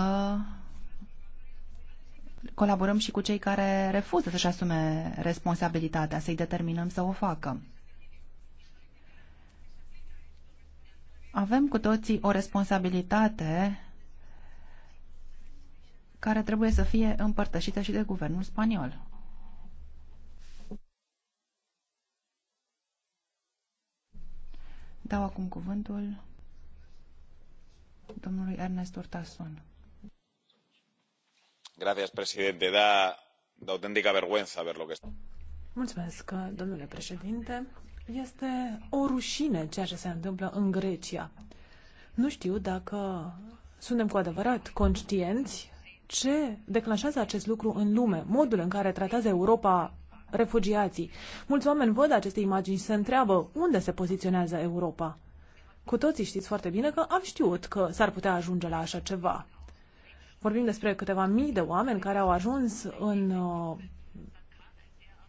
colaborăm și cu cei care refuză să-și asume responsabilitatea, să-i determinăm să o facă. Avem cu toții o responsabilitate care trebuie să fie împărtășită și de guvernul spaniol. Dau acum cuvântul domnului Ernest Da de da autentica vergüenza ver lo que Mulțumesc, domnule președinte. Este o rușine ceea ce se întâmplă în Grecia. Nu știu dacă suntem cu adevărat conștienți ce declanșează acest lucru în lume, modul în care tratează Europa refugiații. Mulți oameni văd aceste imagini și se întreabă unde se poziționează Europa. Cu toții știți foarte bine că am știut că s-ar putea ajunge la așa ceva. Vorbim despre câteva mii de oameni care au ajuns în, uh,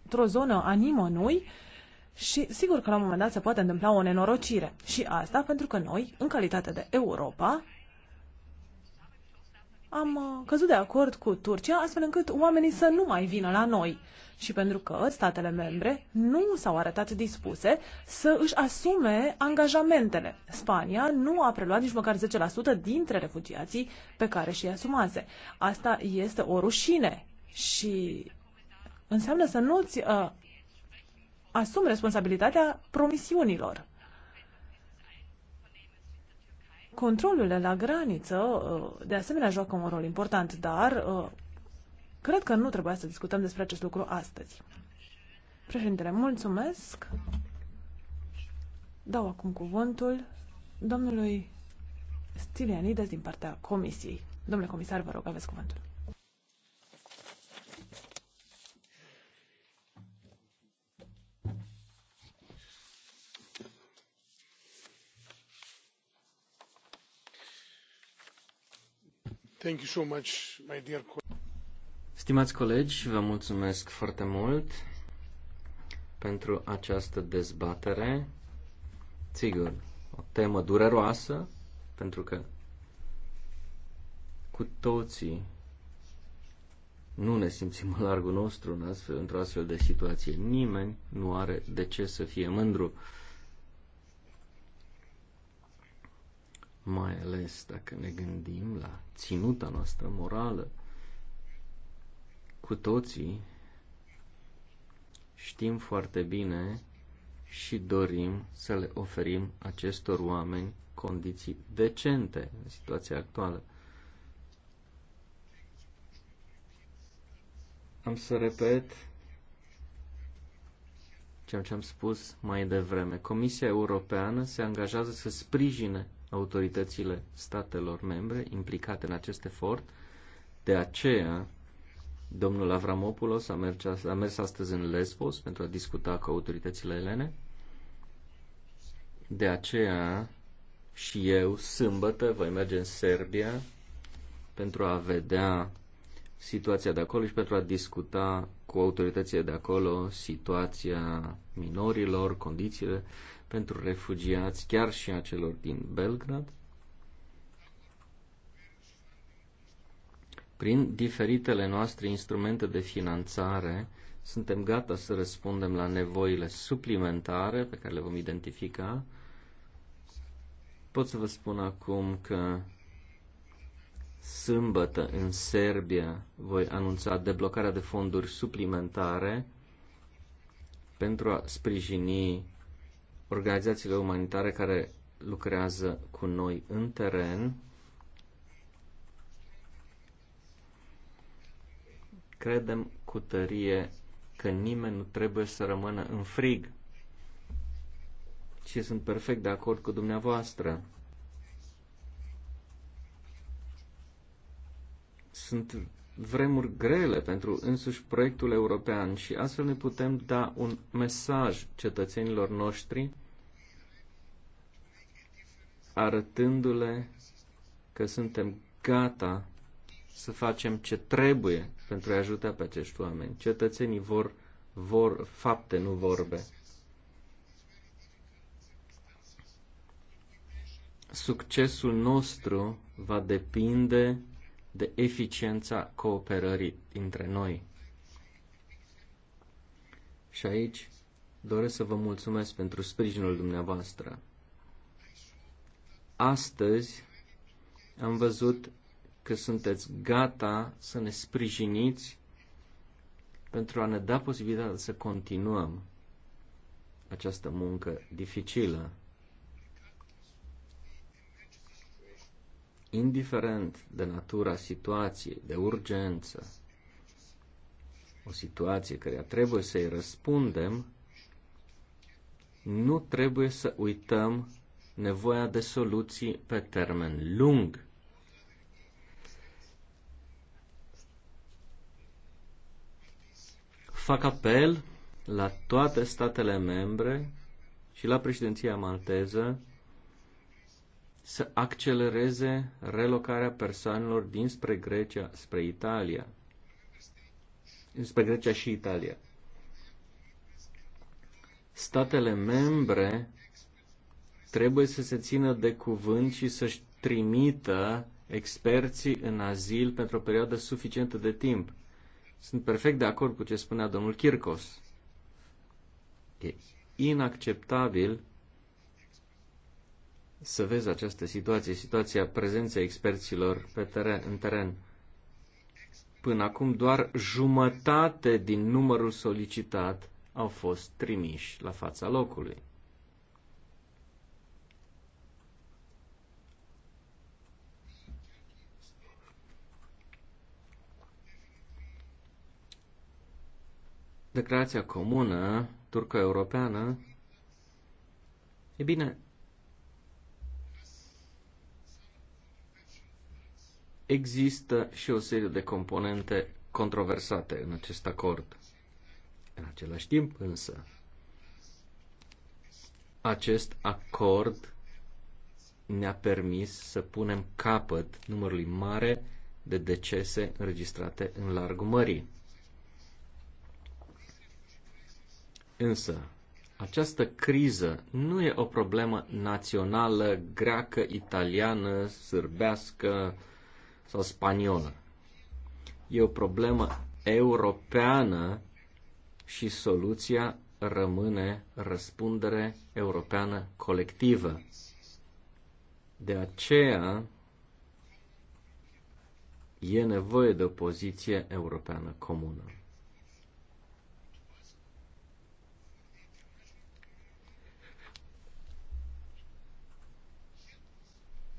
într-o zonă a nimănui și sigur că la un moment dat se poate întâmpla o nenorocire. Și asta pentru că noi, în calitate de Europa, am uh, căzut de acord cu Turcia astfel încât oamenii să nu mai vină la noi și pentru că statele membre nu s-au arătat dispuse să își asume angajamentele. Spania nu a preluat nici măcar 10% dintre refugiații pe care și-i asumase. Asta este o rușine și înseamnă să nu-ți uh, asumi responsabilitatea promisiunilor. Controlul la graniță, uh, de asemenea, joacă un rol important, dar uh, Cred că nu trebuia să discutăm despre acest lucru astăzi. Președintele, mulțumesc. Dau acum cuvântul domnului Stilianides din partea Comisiei. Domnule comisar, vă rog, aveți cuvântul. Thank you so much, my dear Stimați colegi, vă mulțumesc foarte mult pentru această dezbatere. Sigur, o temă dureroasă, pentru că cu toții nu ne simțim în largul nostru în astfel, într-o astfel de situație. Nimeni nu are de ce să fie mândru. Mai ales dacă ne gândim la ținuta noastră morală, cu toții știm foarte bine și dorim să le oferim acestor oameni condiții decente în situația actuală. Am să repet ceea ce am spus mai devreme. Comisia Europeană se angajează să sprijine autoritățile statelor membre implicate în acest efort. De aceea, Domnul Avramopoulos a mers, a mers astăzi în Lesbos pentru a discuta cu autoritățile elene. De aceea și eu, sâmbătă, voi merge în Serbia pentru a vedea situația de acolo și pentru a discuta cu autoritățile de acolo situația minorilor, condițiile pentru refugiați, chiar și a celor din Belgrad. Prin diferitele noastre instrumente de finanțare, suntem gata să răspundem la nevoile suplimentare pe care le vom identifica. Pot să vă spun acum că sâmbătă în Serbia voi anunța deblocarea de fonduri suplimentare pentru a sprijini organizațiile umanitare care lucrează cu noi în teren Credem cu tărie că nimeni nu trebuie să rămână în frig. Și sunt perfect de acord cu dumneavoastră. Sunt vremuri grele pentru însuși proiectul european și astfel ne putem da un mesaj cetățenilor noștri arătându-le că suntem gata să facem ce trebuie pentru a ajuta pe acești oameni. Cetățenii vor, vor fapte, nu vorbe. Succesul nostru va depinde de eficiența cooperării dintre noi. Și aici doresc să vă mulțumesc pentru sprijinul dumneavoastră. Astăzi am văzut că sunteți gata să ne sprijiniți pentru a ne da posibilitatea să continuăm această muncă dificilă. Indiferent de natura situației, de urgență, o situație care trebuie să-i răspundem, nu trebuie să uităm nevoia de soluții pe termen lung fac apel la toate statele membre și la președinția malteză să accelereze relocarea persoanelor dinspre Grecia spre Italia, spre Grecia și Italia. Statele membre trebuie să se țină de cuvânt și să-și trimită experții în azil pentru o perioadă suficientă de timp. Sunt perfect de acord cu ce spunea domnul Kirkos. E inacceptabil să vezi această situație, situația prezenței experților pe teren, în teren. Până acum doar jumătate din numărul solicitat au fost trimiși la fața locului. declarația comună turco-europeană, e bine, există și o serie de componente controversate în acest acord. În același timp, însă, acest acord ne-a permis să punem capăt numărului mare de decese înregistrate în largul mării. Însă, această criză nu e o problemă națională greacă, italiană, sârbească sau spaniolă. E o problemă europeană și soluția rămâne răspundere europeană colectivă. De aceea e nevoie de o poziție europeană comună.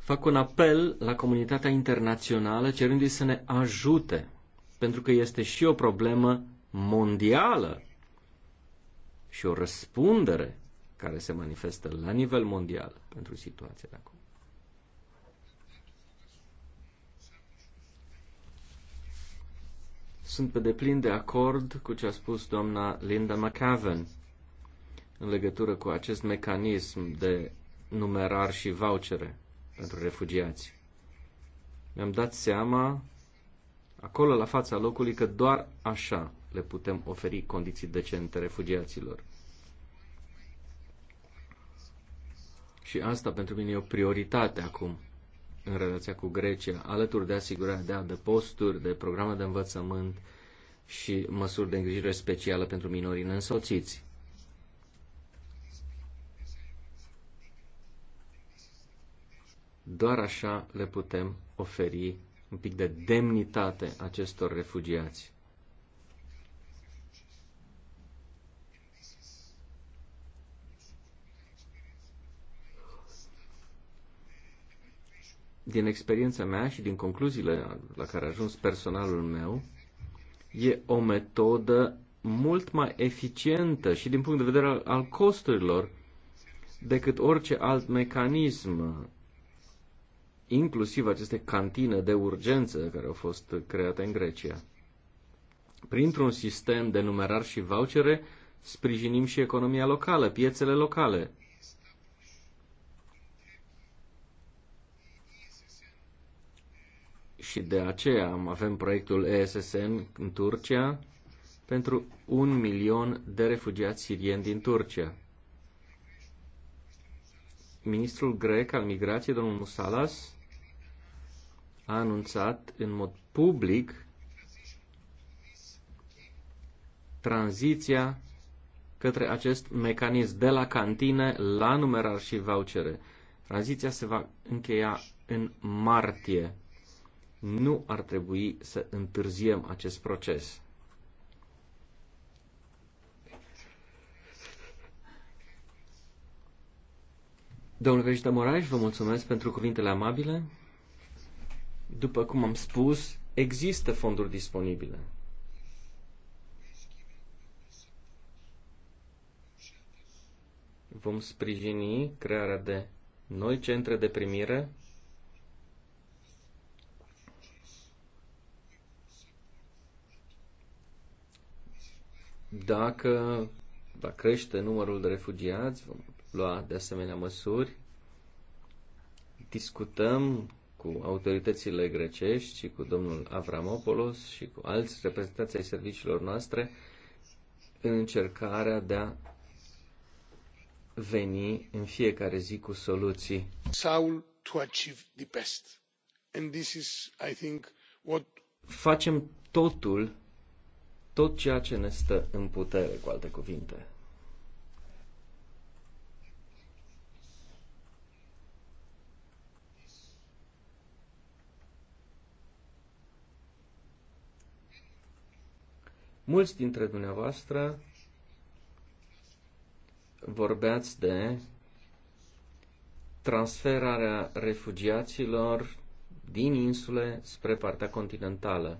fac un apel la comunitatea internațională cerându-i să ne ajute, pentru că este și o problemă mondială și o răspundere care se manifestă la nivel mondial pentru situația de acum. Sunt pe deplin de acord cu ce a spus doamna Linda McAven în legătură cu acest mecanism de numerar și vouchere pentru refugiați. Mi-am dat seama acolo la fața locului că doar așa le putem oferi condiții decente refugiaților. Și asta pentru mine e o prioritate acum în relația cu Grecia, alături de asigurarea de adăposturi, de programe de învățământ și măsuri de îngrijire specială pentru minorii neînsoțiți. Doar așa le putem oferi un pic de demnitate acestor refugiați. Din experiența mea și din concluziile la care a ajuns personalul meu, e o metodă mult mai eficientă și din punct de vedere al, costurilor decât orice alt mecanism inclusiv aceste cantine de urgență care au fost create în Grecia. Printr-un sistem de numerar și vouchere, sprijinim și economia locală, piețele locale. Și de aceea avem proiectul ESSN în Turcia pentru un milion de refugiați sirieni din Turcia ministrul grec al migrației, domnul Musalas, a anunțat în mod public tranziția către acest mecanism de la cantine la numerar și vouchere. Tranziția se va încheia în martie. Nu ar trebui să întârziem acest proces. Domnul Vegeta Moraes, vă mulțumesc pentru cuvintele amabile. După cum am spus, există fonduri disponibile. Vom sprijini crearea de noi centre de primire dacă va crește numărul de refugiați, vom lua de asemenea măsuri. Discutăm cu autoritățile grecești și cu domnul Avramopoulos și cu alți reprezentanți ai serviciilor noastre în încercarea de a veni în fiecare zi cu soluții. Saul to achieve the best. And this is, I think, what... Facem totul, tot ceea ce ne stă în putere, cu alte cuvinte. Mulți dintre dumneavoastră vorbeați de transferarea refugiaților din insule spre partea continentală.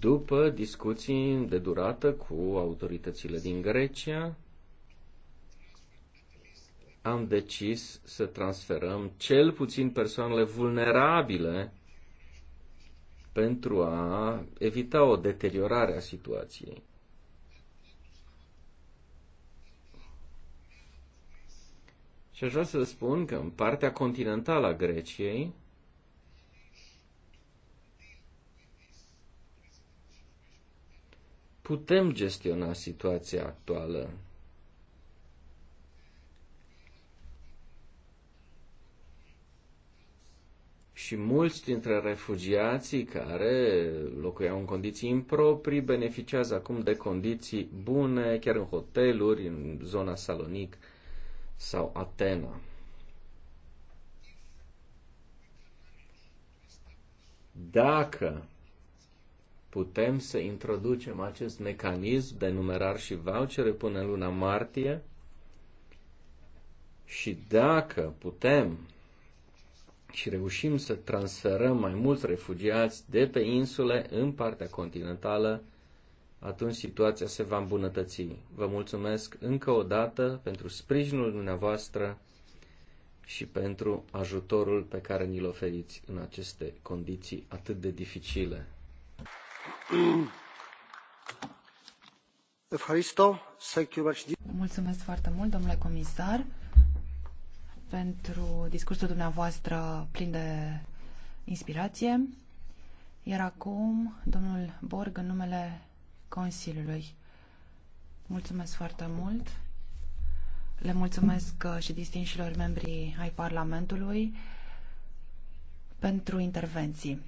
După discuții de durată cu autoritățile din Grecia, am decis să transferăm cel puțin persoanele vulnerabile pentru a evita o deteriorare a situației. Și aș vrea să spun că în partea continentală a Greciei, putem gestiona situația actuală și mulți dintre refugiații care locuiau în condiții improprii beneficiază acum de condiții bune, chiar în hoteluri, în zona Salonic sau Atena. Dacă putem să introducem acest mecanism de numerar și vouchere până în luna martie și dacă putem și reușim să transferăm mai mulți refugiați de pe insule în partea continentală, atunci situația se va îmbunătăți. Vă mulțumesc încă o dată pentru sprijinul dumneavoastră și pentru ajutorul pe care ni-l oferiți în aceste condiții atât de dificile. Mulțumesc foarte mult, domnule comisar pentru discursul dumneavoastră plin de inspirație. Iar acum, domnul Borg, în numele Consiliului. Mulțumesc foarte mult. Le mulțumesc uh, și distinșilor membrii ai Parlamentului pentru intervenții.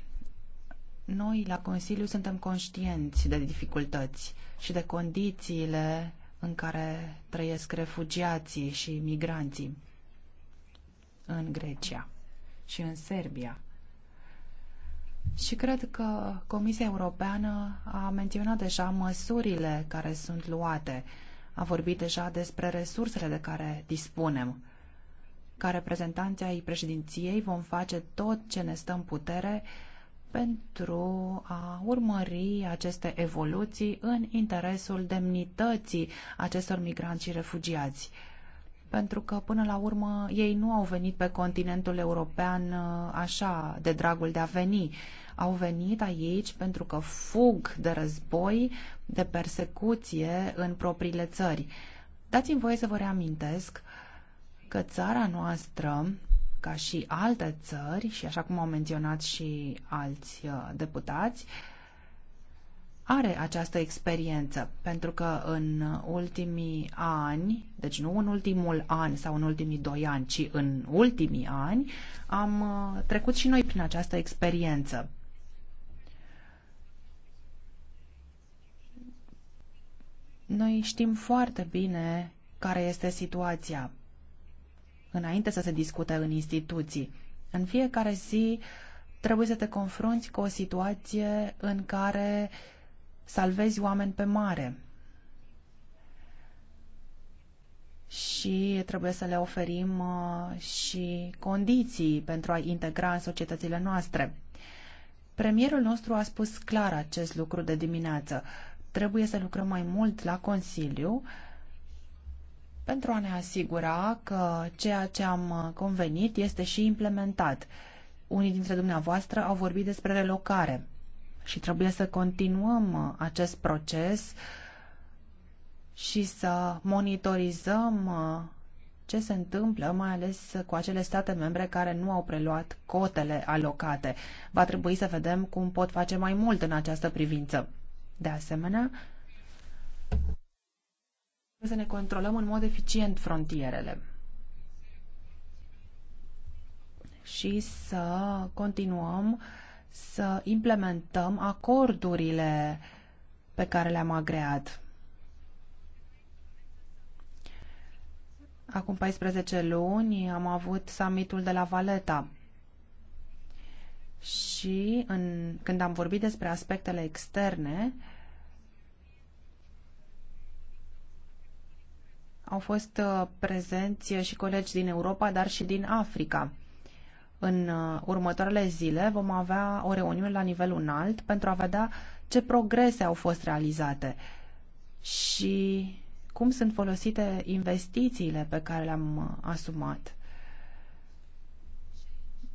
Noi, la Consiliu, suntem conștienți de dificultăți și de condițiile în care trăiesc refugiații și migranții în Grecia și în Serbia. Și cred că Comisia Europeană a menționat deja măsurile care sunt luate, a vorbit deja despre resursele de care dispunem. Ca reprezentanții ai președinției vom face tot ce ne stă în putere pentru a urmări aceste evoluții în interesul demnității acestor migranți și refugiați pentru că până la urmă ei nu au venit pe continentul european uh, așa, de dragul de a veni. Au venit aici pentru că fug de război, de persecuție în propriile țări. Dați-mi voie să vă reamintesc că țara noastră, ca și alte țări, și așa cum au menționat și alți uh, deputați, are această experiență, pentru că în ultimii ani, deci nu în ultimul an sau în ultimii doi ani, ci în ultimii ani, am uh, trecut și noi prin această experiență. Noi știm foarte bine care este situația înainte să se discute în instituții. În fiecare zi trebuie să te confrunți cu o situație în care uh, salvezi oameni pe mare și trebuie să le oferim uh, și condiții pentru a integra în societățile noastre. Premierul nostru a spus clar acest lucru de dimineață. Trebuie să lucrăm mai mult la Consiliu pentru a ne asigura că ceea ce am uh, convenit este și implementat. Unii dintre dumneavoastră au vorbit despre relocare și trebuie să continuăm uh, acest proces și să monitorizăm uh, ce se întâmplă, mai ales cu acele state membre care nu au preluat cotele alocate. Va trebui să vedem cum pot face mai mult în această privință. De asemenea, să ne controlăm în mod eficient frontierele și să continuăm uh, să implementăm acordurile pe care le-am agreat. Acum 14 luni am avut summitul de la Valeta și în, când am vorbit despre aspectele externe, au fost uh, prezenți și colegi din Europa, dar și din Africa. În uh, următoarele zile vom avea o reuniune la nivel înalt pentru a vedea ce progrese au fost realizate și cum sunt folosite investițiile pe care le-am uh, asumat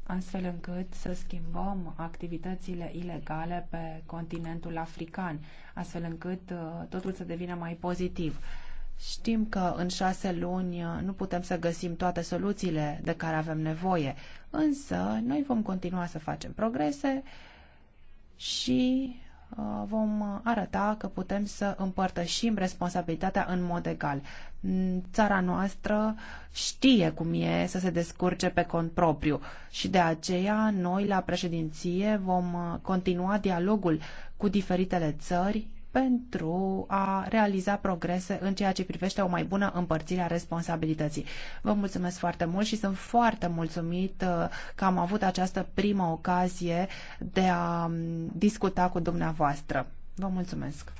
astfel încât să schimbăm activitățile ilegale pe continentul african, astfel încât uh, totul să devină mai pozitiv. Știm că în șase luni uh, nu putem să găsim toate soluțiile de care avem nevoie, însă noi vom continua să facem progrese și uh, vom arăta că putem să împărtășim responsabilitatea în mod egal. Mm, țara noastră știe cum e să se descurce pe cont propriu și de aceea noi la președinție vom uh, continua dialogul cu diferitele țări pentru a realiza progrese în ceea ce privește o mai bună împărțire a responsabilității. Vă mulțumesc foarte mult și sunt foarte mulțumit uh, că am avut această primă ocazie de a um, discuta cu dumneavoastră. Vă mulțumesc.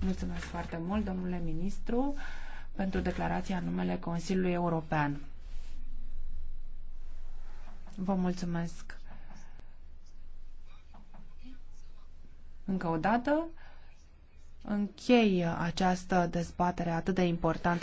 Mulțumesc foarte mult, domnule ministru, pentru declarația în numele Consiliului European. Vă mulțumesc. Încă o dată încheie această dezbatere atât de importantă.